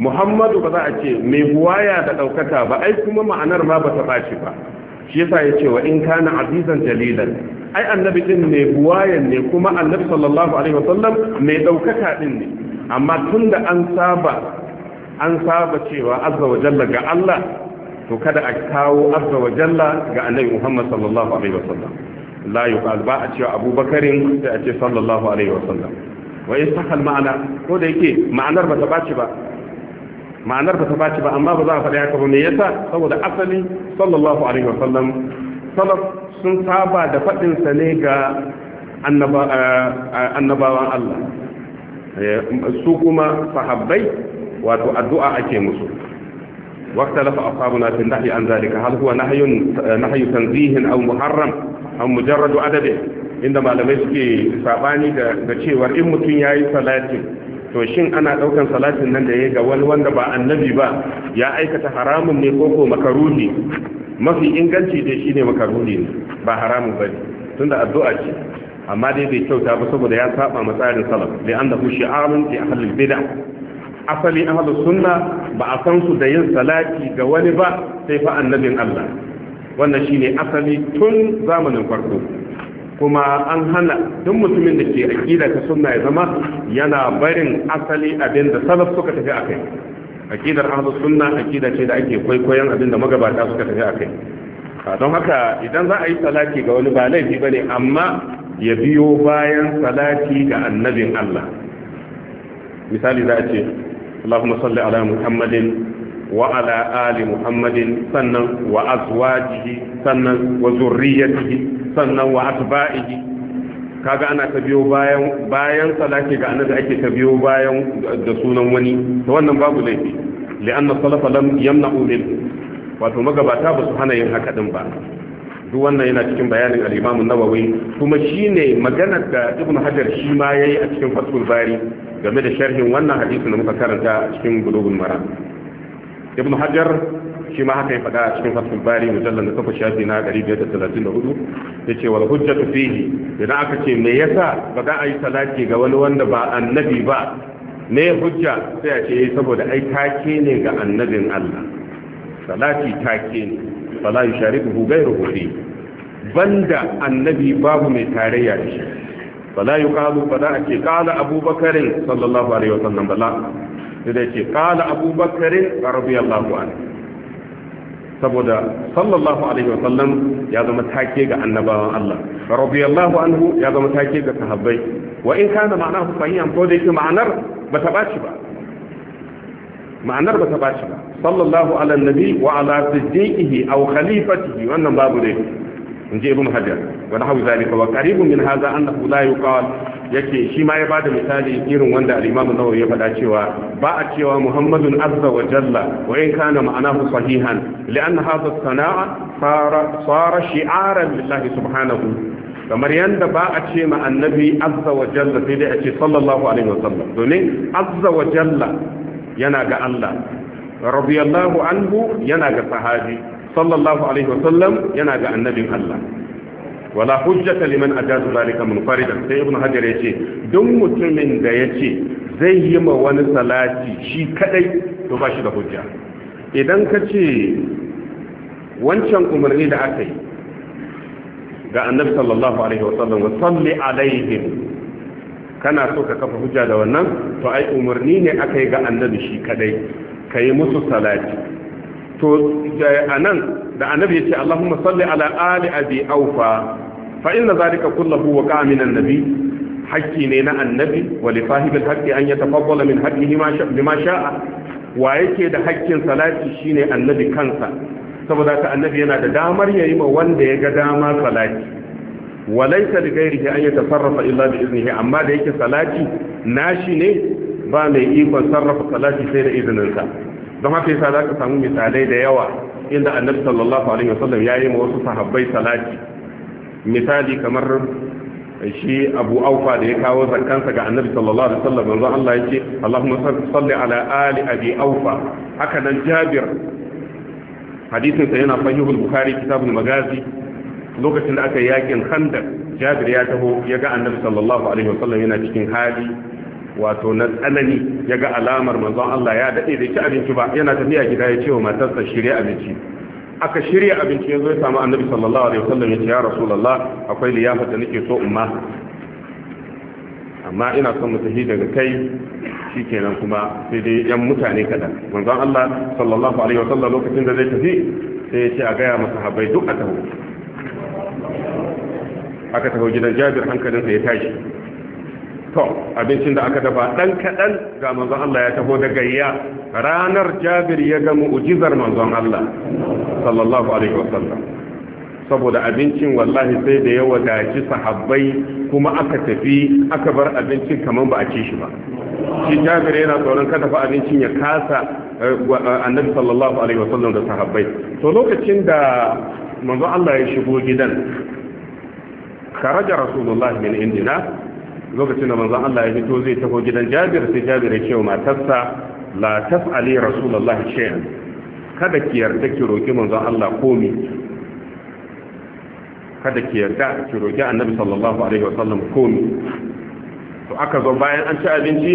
Muhammadu ba za a ce mai buwaya da daukaka ba ai kuma ma'anar ma ba ta baci ba shi yasa ya ce wa in kana azizan jalilan ai annabi din mai buwayan ne kuma annabi sallallahu alaihi sallam mai daukaka din ne amma tunda an saba an saba cewa azza wa jalla ga Allah to kada a kawo azza wa jalla ga annabi Muhammad sallallahu alaihi sallam la yuqal ba a cewa abubakarin sai a ce sallallahu alaihi wa sallam. wa yastahal ma'ana ko da yake ma'anar ba ta baci ba ma'anar ba ta baci ba amma ba za a faɗi haka ba me yasa saboda asali sallallahu alaihi wa sallam. salaf sun saba da faɗin sa ne ga eh, eh, annabawan Allah eh, su kuma sahabbai wato addu'a ake musu واختلف أصحابنا في النهي عن ذلك هل هو نهي نهي تنزيه أو محرم أو مجرد عدده عندما لم يسكي ساباني mutum ورئم yi صلاة to shin ana daukan salatin nan da ya ga wani wanda ba annabi ba ya aikata haramun ne koko makaruni mafi inganci dai shine makaruni ne ba haramun ba tunda addu'a ce amma dai bai kyauta ba saboda ya saba matsayin salaf li annahu shi'arun fi ahlil bid'ah asali ahlus sunna ba a san su da yin salati ga wani ba sai fa annabin Allah wannan shine asali tun zamanin farko kuma an hana duk mutumin da ke aqida ta sunna ya zama yana barin asali abin da salaf suka tafi akai aqidar ahlus sunna aqida ce da ake kwaikwayon abin da magabata suka tafi akai don haka idan za a yi salati ga wani ba laifi ba amma ya biyo bayan salati ga annabin Allah misali za a ce اللهم صل على محمد وعلى آل محمد سنة وأزواجه سنة وذريته سنة وأتباعه kaga ana ta biyo bayan bayan salati ga annabi ake ta biyo bayan da sunan wani to wannan babu laifi li'anna salafa lam yamna'u min wato magabata ba su hana yin haka din ba duk wannan yana cikin bayanin al-Imam an-Nawawi kuma shine maganar da Ibn Hajar shi ma yayi a cikin Fathul Bari game da sharhin wannan hadisin da muka karanta a cikin Bulughul Maram Ibn Hajar shi ma haka ya faɗa a cikin Fathul Bari mujallal da kafa shafi na 534 yace wal hujjatu fihi idan aka ce me yasa ba za a yi salati ga wani wanda ba annabi ba ne hujja sai a ce eh, saboda ai take ne ga annabin Allah salati take ne fala Sharifu ghayruhu fi banda annabi babu mai tarayya da shi fala yuqalu fala ake qala abubakar sallallahu alaihi wasallam bala sai da ce qala abubakar radiyallahu anhu saboda sallallahu alaihi wasallam ya zama take ga annabawan Allah radiyallahu anhu ya zama take ga sahabbai wa in kana ma'anahu sahihan ko da yake ma'anar bata baci ba ma'anar ba ta bashi ba sallallahu ala nabi wa ala siddiqihi aw khalifatihi wannan babu dai in je ibn hajar wa nahwu zalika wa qaribun min hadha annahu la yuqal yake shi ma ya bada misali irin wanda al-imam an-nawawi ya faɗa cewa ba a cewa muhammadun azza wa jalla wa in kana ma'anahu sahihan li'anna hadha as-sana'a sara sara shi'aran lillahi subhanahu kamar yadda ba a ce ma annabi azza wa jalla sai dai a ce sallallahu alaihi wa sallam. domin azza wa jalla yana ga Allah radiyallahu anhu yana ga sahabi sallallahu alaihi wasallam yana ga annabin Allah wala hujjata liman ajaza zalika munfaridan sai ibnu hajar yace duk mutumin da yace zai yi ma wani salati shi kadai to ba shi da hujja idan ka ce wancan umarni da aka yi ga annabi sallallahu alaihi wasallam wa salli alaihim kana so ka kafa hujja da wannan to ai umarni ne aka yi ga annabi shi kadai ka yi musu salati to anan da annabi ya ce Allahumma salli ala ali abi aufa fa inna zalika kullahu waqa min annabi haqqi ne na annabi wa li fahibil haqqi an yatafaddala min haqqihi ma sha'a wa yake da hakkin salati shine annabi kansa saboda ka annabi yana da damar yayi ma wanda ya ga dama salati walaita da gairihi an yi sarrafa illa da iznihi amma da yake salati nashi ne ba mai ikon sarrafa salati sai da izininsa don haka yasa za ka samu misalai da yawa inda annabi sallallahu alaihi wasallam ya yi ma wasu sahabbai salati misali kamar shi abu aufa da ya kawo zakkansa ga annabi sallallahu alaihi wasallam manzo Allah ya ce Allahumma salli ala ali abi aufa haka nan jabir hadisin sa yana sahihul bukhari kitabul magazi lokacin da aka yi yakin khandaq jabir ya taho ya ga annabi sallallahu alaihi wasallam yana cikin hali wato na tsanani ya ga alamar manzon Allah ya daɗe da ci abinci ba yana tafiya gida ya ce wa matarsa shirya abinci aka shirya abinci yanzu zo ya samu annabi sallallahu alaihi wasallam ya ce ya rasulullah akwai liyafa da nake so umma amma ina son mu tafi daga kai shikenan kuma sai dai yan mutane kada manzon Allah sallallahu alaihi wasallam lokacin da zai tafi sai ya ce a gaya masa habai duk a taho aka taho gidan jabir hankalinsa ya tashi to abincin da aka dafa dan kaɗan ga manzon Allah ya taho da gayya ranar jabir ya ga mu'jizar manzon Allah sallallahu alaihi wasallam saboda abincin wallahi sai da ya wadaci sahabbai kuma aka tafi aka bar abincin kaman ba a ci shi ba shi jabir yana tsoron ka dafa abincin ya kasa eh, annabi sallallahu alaihi wasallam da sahabbai to lokacin da manzon Allah ya shigo gidan kharaja rasulullah min indina lokacin da manzon Allah ya fito zai taho gidan Jabir sai Jabir ya ce wa matarsa la tas'ali rasulullah shay'an kada ki yarda ki roki manzon Allah komi kada ki yarda ki roki annabi sallallahu alaihi wa sallam komi to aka zo bayan an ci abinci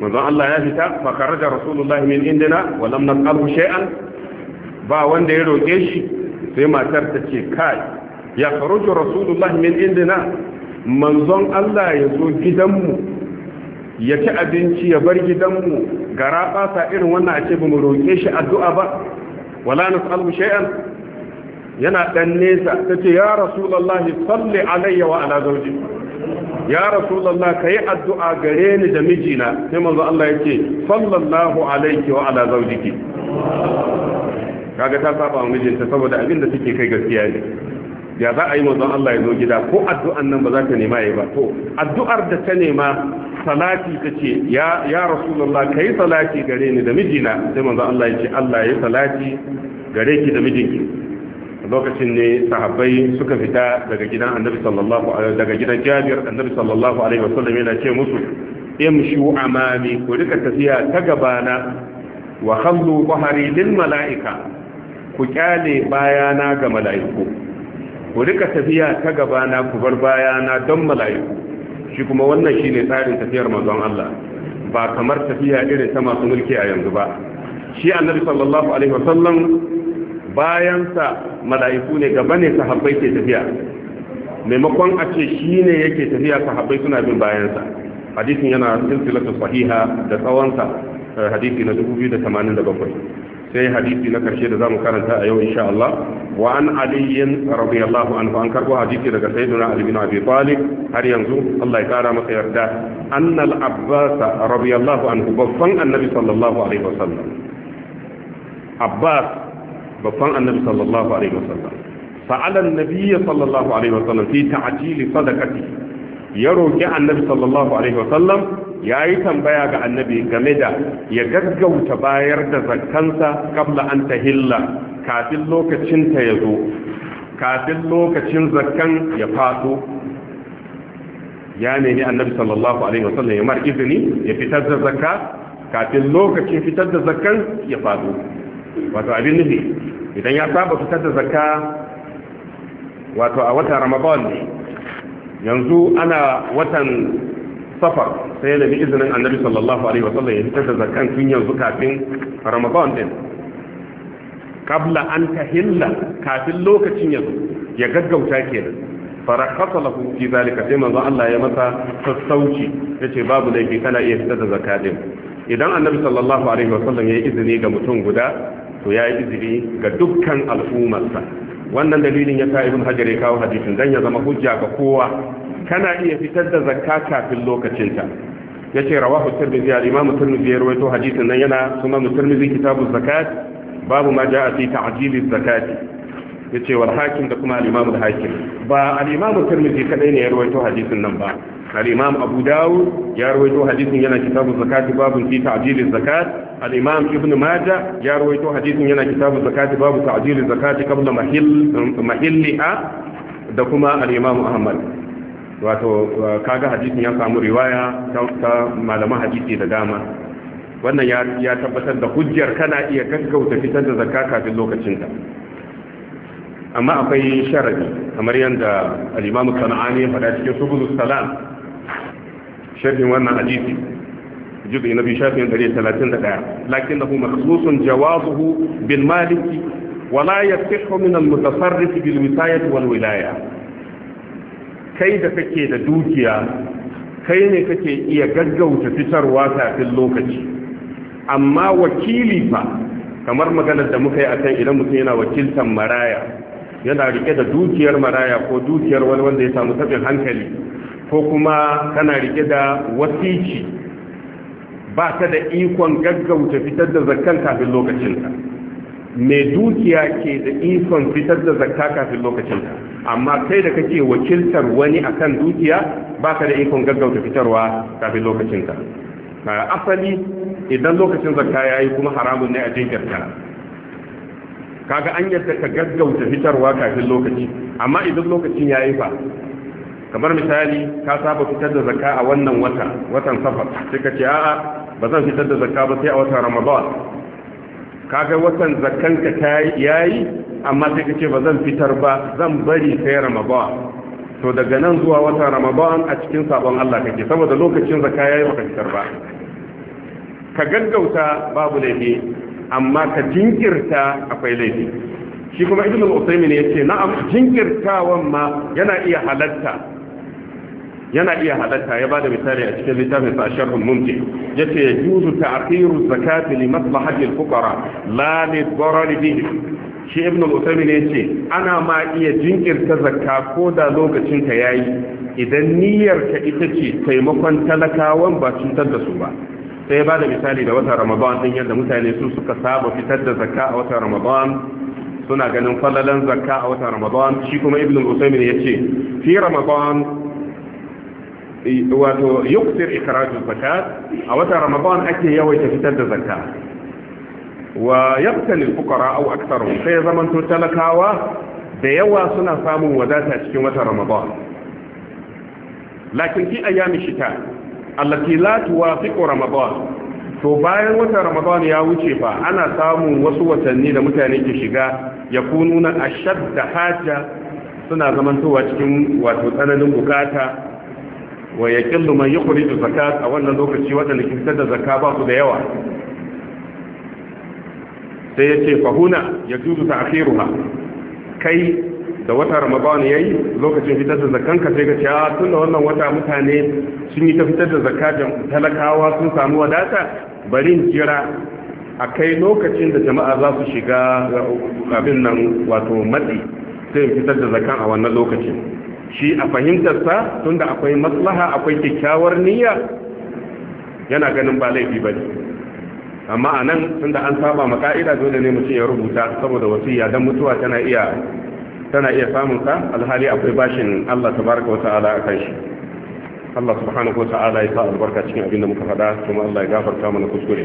manzon Allah ya fita fa kharaja rasulullahi min indina wa lam nas'alhu shay'an ba wanda ya roke shi sai matar ta ce kai ya faruju rasulullahi min indina manzon Allah ya zo gidanmu ya ci abinci ya bar gidanmu gara fasa irin wannan a ce ba mu roƙe shi addu'a ba wala nas'alu shay'an yana dan nesa tace ya rasulullahi salli alayya wa ala zawji ya rasulullah kai addu'a gare ni da mijina sai manzo Allah yake sallallahu alayki wa ala zawjiki kaga ta saba mijinta saboda abin da take kai gaskiya ne ya za a yi manzon Allah ya zo gida ko addu'an nan ba za ta nema yayi ba to addu'ar da ta nema salati ta ce ya ya rasulullah kai salati gare ni da mijina sai manzon Allah ya ce Allah ya salati gare ki da mijinki lokacin ne sahabbai suka fita daga gidan annabi sallallahu daga gidan Jabir annabi sallallahu alaihi wasallam yana ce musu imshu amami ku rika tafiya ta gabana wa khallu dhahri lil mala'ika ku kyale bayana ga mala'iku ku rika tafiya ta gabana ku bar bayana don mala'iku shi kuma wannan shine tsarin tafiyar manzon Allah ba kamar tafiya irin ta masu mulki a yanzu ba shi annabi sallallahu alaihi wasallam bayansa mala'iku ne gaba ne sahabbai ke tafiya maimakon a ce shi ne yake tafiya sahabbai suna bin bayansa hadisin yana silsilatu sahiha da tsawonsa eh, hadisi na 2087 sai hadisi na karshe da zamu karanta a yau insha Allah wa an ali radiyallahu anhu an karbo hadisi daga sayyidina ali bin abi talib har yanzu Allah ya kara masa yarda annal abbas radiyallahu anhu babban annabi sallallahu alaihi wasallam abbas babban annabi sallallahu alaihi wasallam sa'ala an-nabiy sallallahu alaihi wasallam fi ta'jil sadaqati ya roki annabi sallallahu alaihi wasallam ya yi tambaya ga annabi game da ya gaggauta bayar da zakkansa kabla an ta hilla kafin lokacinta ya zo kafin lokacin zakkan ya faso ya nemi annabi sallallahu alaihi wasallam ya mar izini ya fitar da zakka kafin lokacin fitar da zakkan ya faso wato abin nufi idan ya saba fitar da zakka wato a watan ramadan ne yanzu ana watan safar sai da izinin annabi sallallahu alaihi wasallam ya fitar da zakan tun yanzu kafin ramadan din kabla an hilla kafin lokacin yanzu ya gaggauta kenan farakasa lahu fi zalika sai manzo Allah ya masa sassauci yace babu laifi kana iya fitar da din. idan annabi sallallahu alaihi wasallam ya yi izini ga mutum guda to ya yi izini ga dukkan al'ummarsa wannan dalilin ya sa ibn hajar ya kawo hadisin dan ya zama hujja ga kowa kana iya fitar da zakka kafin lokacinta yace rawahu tirmidhi al-imam tirmidhi ya rawaito hadisin nan yana sunan tirmidhi kitabu zakat babu ma jaa fi ta'jil az Ya ce wal hakim da kuma al-imam al-hakim ba al-imam tirmidhi kadai ne ya rawaito hadisin nan ba al-imam abu dawud ya rawaito hadisin yana kitabu zakat babu fi ta'jil az-zakat al-imam ibn majah ya rawaito hadisin yana kitabu zakat babu ta'jil az-zakat qabla mahill mahilliha da kuma al-imam ahmad wato kaga hadisin ya samu riwaya ta malaman hadisi da dama wannan ya tabbatar da hujjar kana iya gaggauta fitar da zakka kafin lokacinta amma akwai sharadi kamar yadda al-imam ya cikin subulus salam sharhin wannan hadisi juz'i na bi shafin 131 lakin lahu makhsusun jawazuhu bin maliki wala yasihu min al-mutasarrif bil wal wilaya kai da kake da dukiya kai ne kake iya gaggauta fitarwa kafin lokaci amma wakili fa kamar maganar da muka yi a kan idan mutum yana wakiltan maraya yana rike da dukiyar maraya ko dukiyar wani wanda ya samu tabin hankali ko kuma kana rike da wasici ba ka da ikon gaggauta fitar da zakkan kafin lokacinta mai dukiya ke da ikon fitar da zakka kafin lokacinta amma kai da kake wakiltar wani akan dukiya baka da ikon gaggauta fitarwa kafin lokacin ka asali idan lokacin zakka yayi kuma haramun ne a ka kaga an yadda ka gaggauta fitarwa kafin lokaci amma idan lokacin yayi fa kamar misali ka saba fitar da zakka a wannan wata watan safar sai ka ce a'a ba zan fitar da zakka ba sai a watan ramadan Ka ga watan zakanka ya yayi amma sai ka ce ba zan fitar ba zan bari sai ramadan to daga nan zuwa watan ramadan a cikin sabon Allah kake saboda lokacin zakka yayi baka fitar ba ka gaggauta babu laifi amma ka jinkirta akwai laifi shi kuma ibnu al-usaymin yace na'am jinkirtawan ma yana iya halatta yana iya halatta ya bada misali a cikin littafin sa sharhul mumti yace yajuzu ta'khiru zakati li maslahati al-fuqara la li darari bihi shi ibn al-usaymin yace ana ma iya jinkirta zakka ko da lokacin ta yayi idan niyyar ka ita ce taimakon talakawan ba cutar da su ba sai ya bada misali da watan ramadan din yadda mutane su suka saba fitar da zakka a watan ramadan suna ganin fallalan zakka a watan ramadan shi kuma ibn al-usaymin yace fi ramadan wato yuktir ikrajul zakat a wata ramadan ake yawaita fitar da zakka wa yabtali fuqara aw aktharu sai zaman to talakawa da yawa suna samun wadata cikin watan ramadan lakin fi ayami shita allati la tuwafiqu ramadan to bayan watan ramadan ya wuce fa ana samun wasu watanni da mutane ke shiga yakununa ashadda haja suna zamantowa cikin wato tsananin bukata wa yaqillu man yukhriju zakat a wannan lokaci wadanda ke fitar da zakka ba su da yawa sai ya yace fa huna yajuzu ha. kai da wata ramadan yayi lokacin fitar da zakkan ka sai ka ce a tunda wannan wata mutane sun yi ta fitar da zakka talakawa sun samu wadata barin jira a kai lokacin da jama'a za su shiga abin nan wato matsi sai fitar da zakan a wannan lokacin shi a fahimtarsa tunda akwai maslaha akwai kyakkyawar niyya yana ganin ba laifi ba ne amma a tunda an saba ma ka'ida dole ne mutum ya rubuta saboda wasiya don mutuwa tana iya tana iya samun ka alhali akwai bashin Allah tabaraka wa ta'ala akan shi Allah subhanahu wa ta'ala ya sa albarka cikin abin da muka faɗa kuma Allah ya gafarta mana kuskure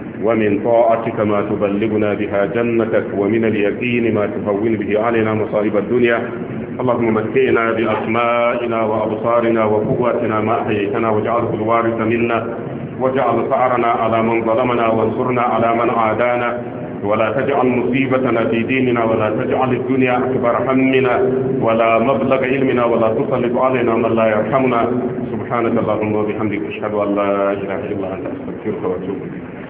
ومن طاعتك ما تبلغنا بها جنتك ومن اليقين ما تهون به علينا مصائب الدنيا اللهم مكينا بأسمائنا وأبصارنا وقواتنا ما أحييتنا واجعله الوارث منا واجعل ثأرنا على من ظلمنا وانصرنا على من عادانا ولا تجعل مصيبتنا في ديننا ولا تجعل الدنيا أكبر همنا ولا مبلغ علمنا ولا تسلط علينا من لا يرحمنا سبحانك اللهم وبحمدك أشهد أن لا إله إلا أنت أستغفرك وأتوب إليك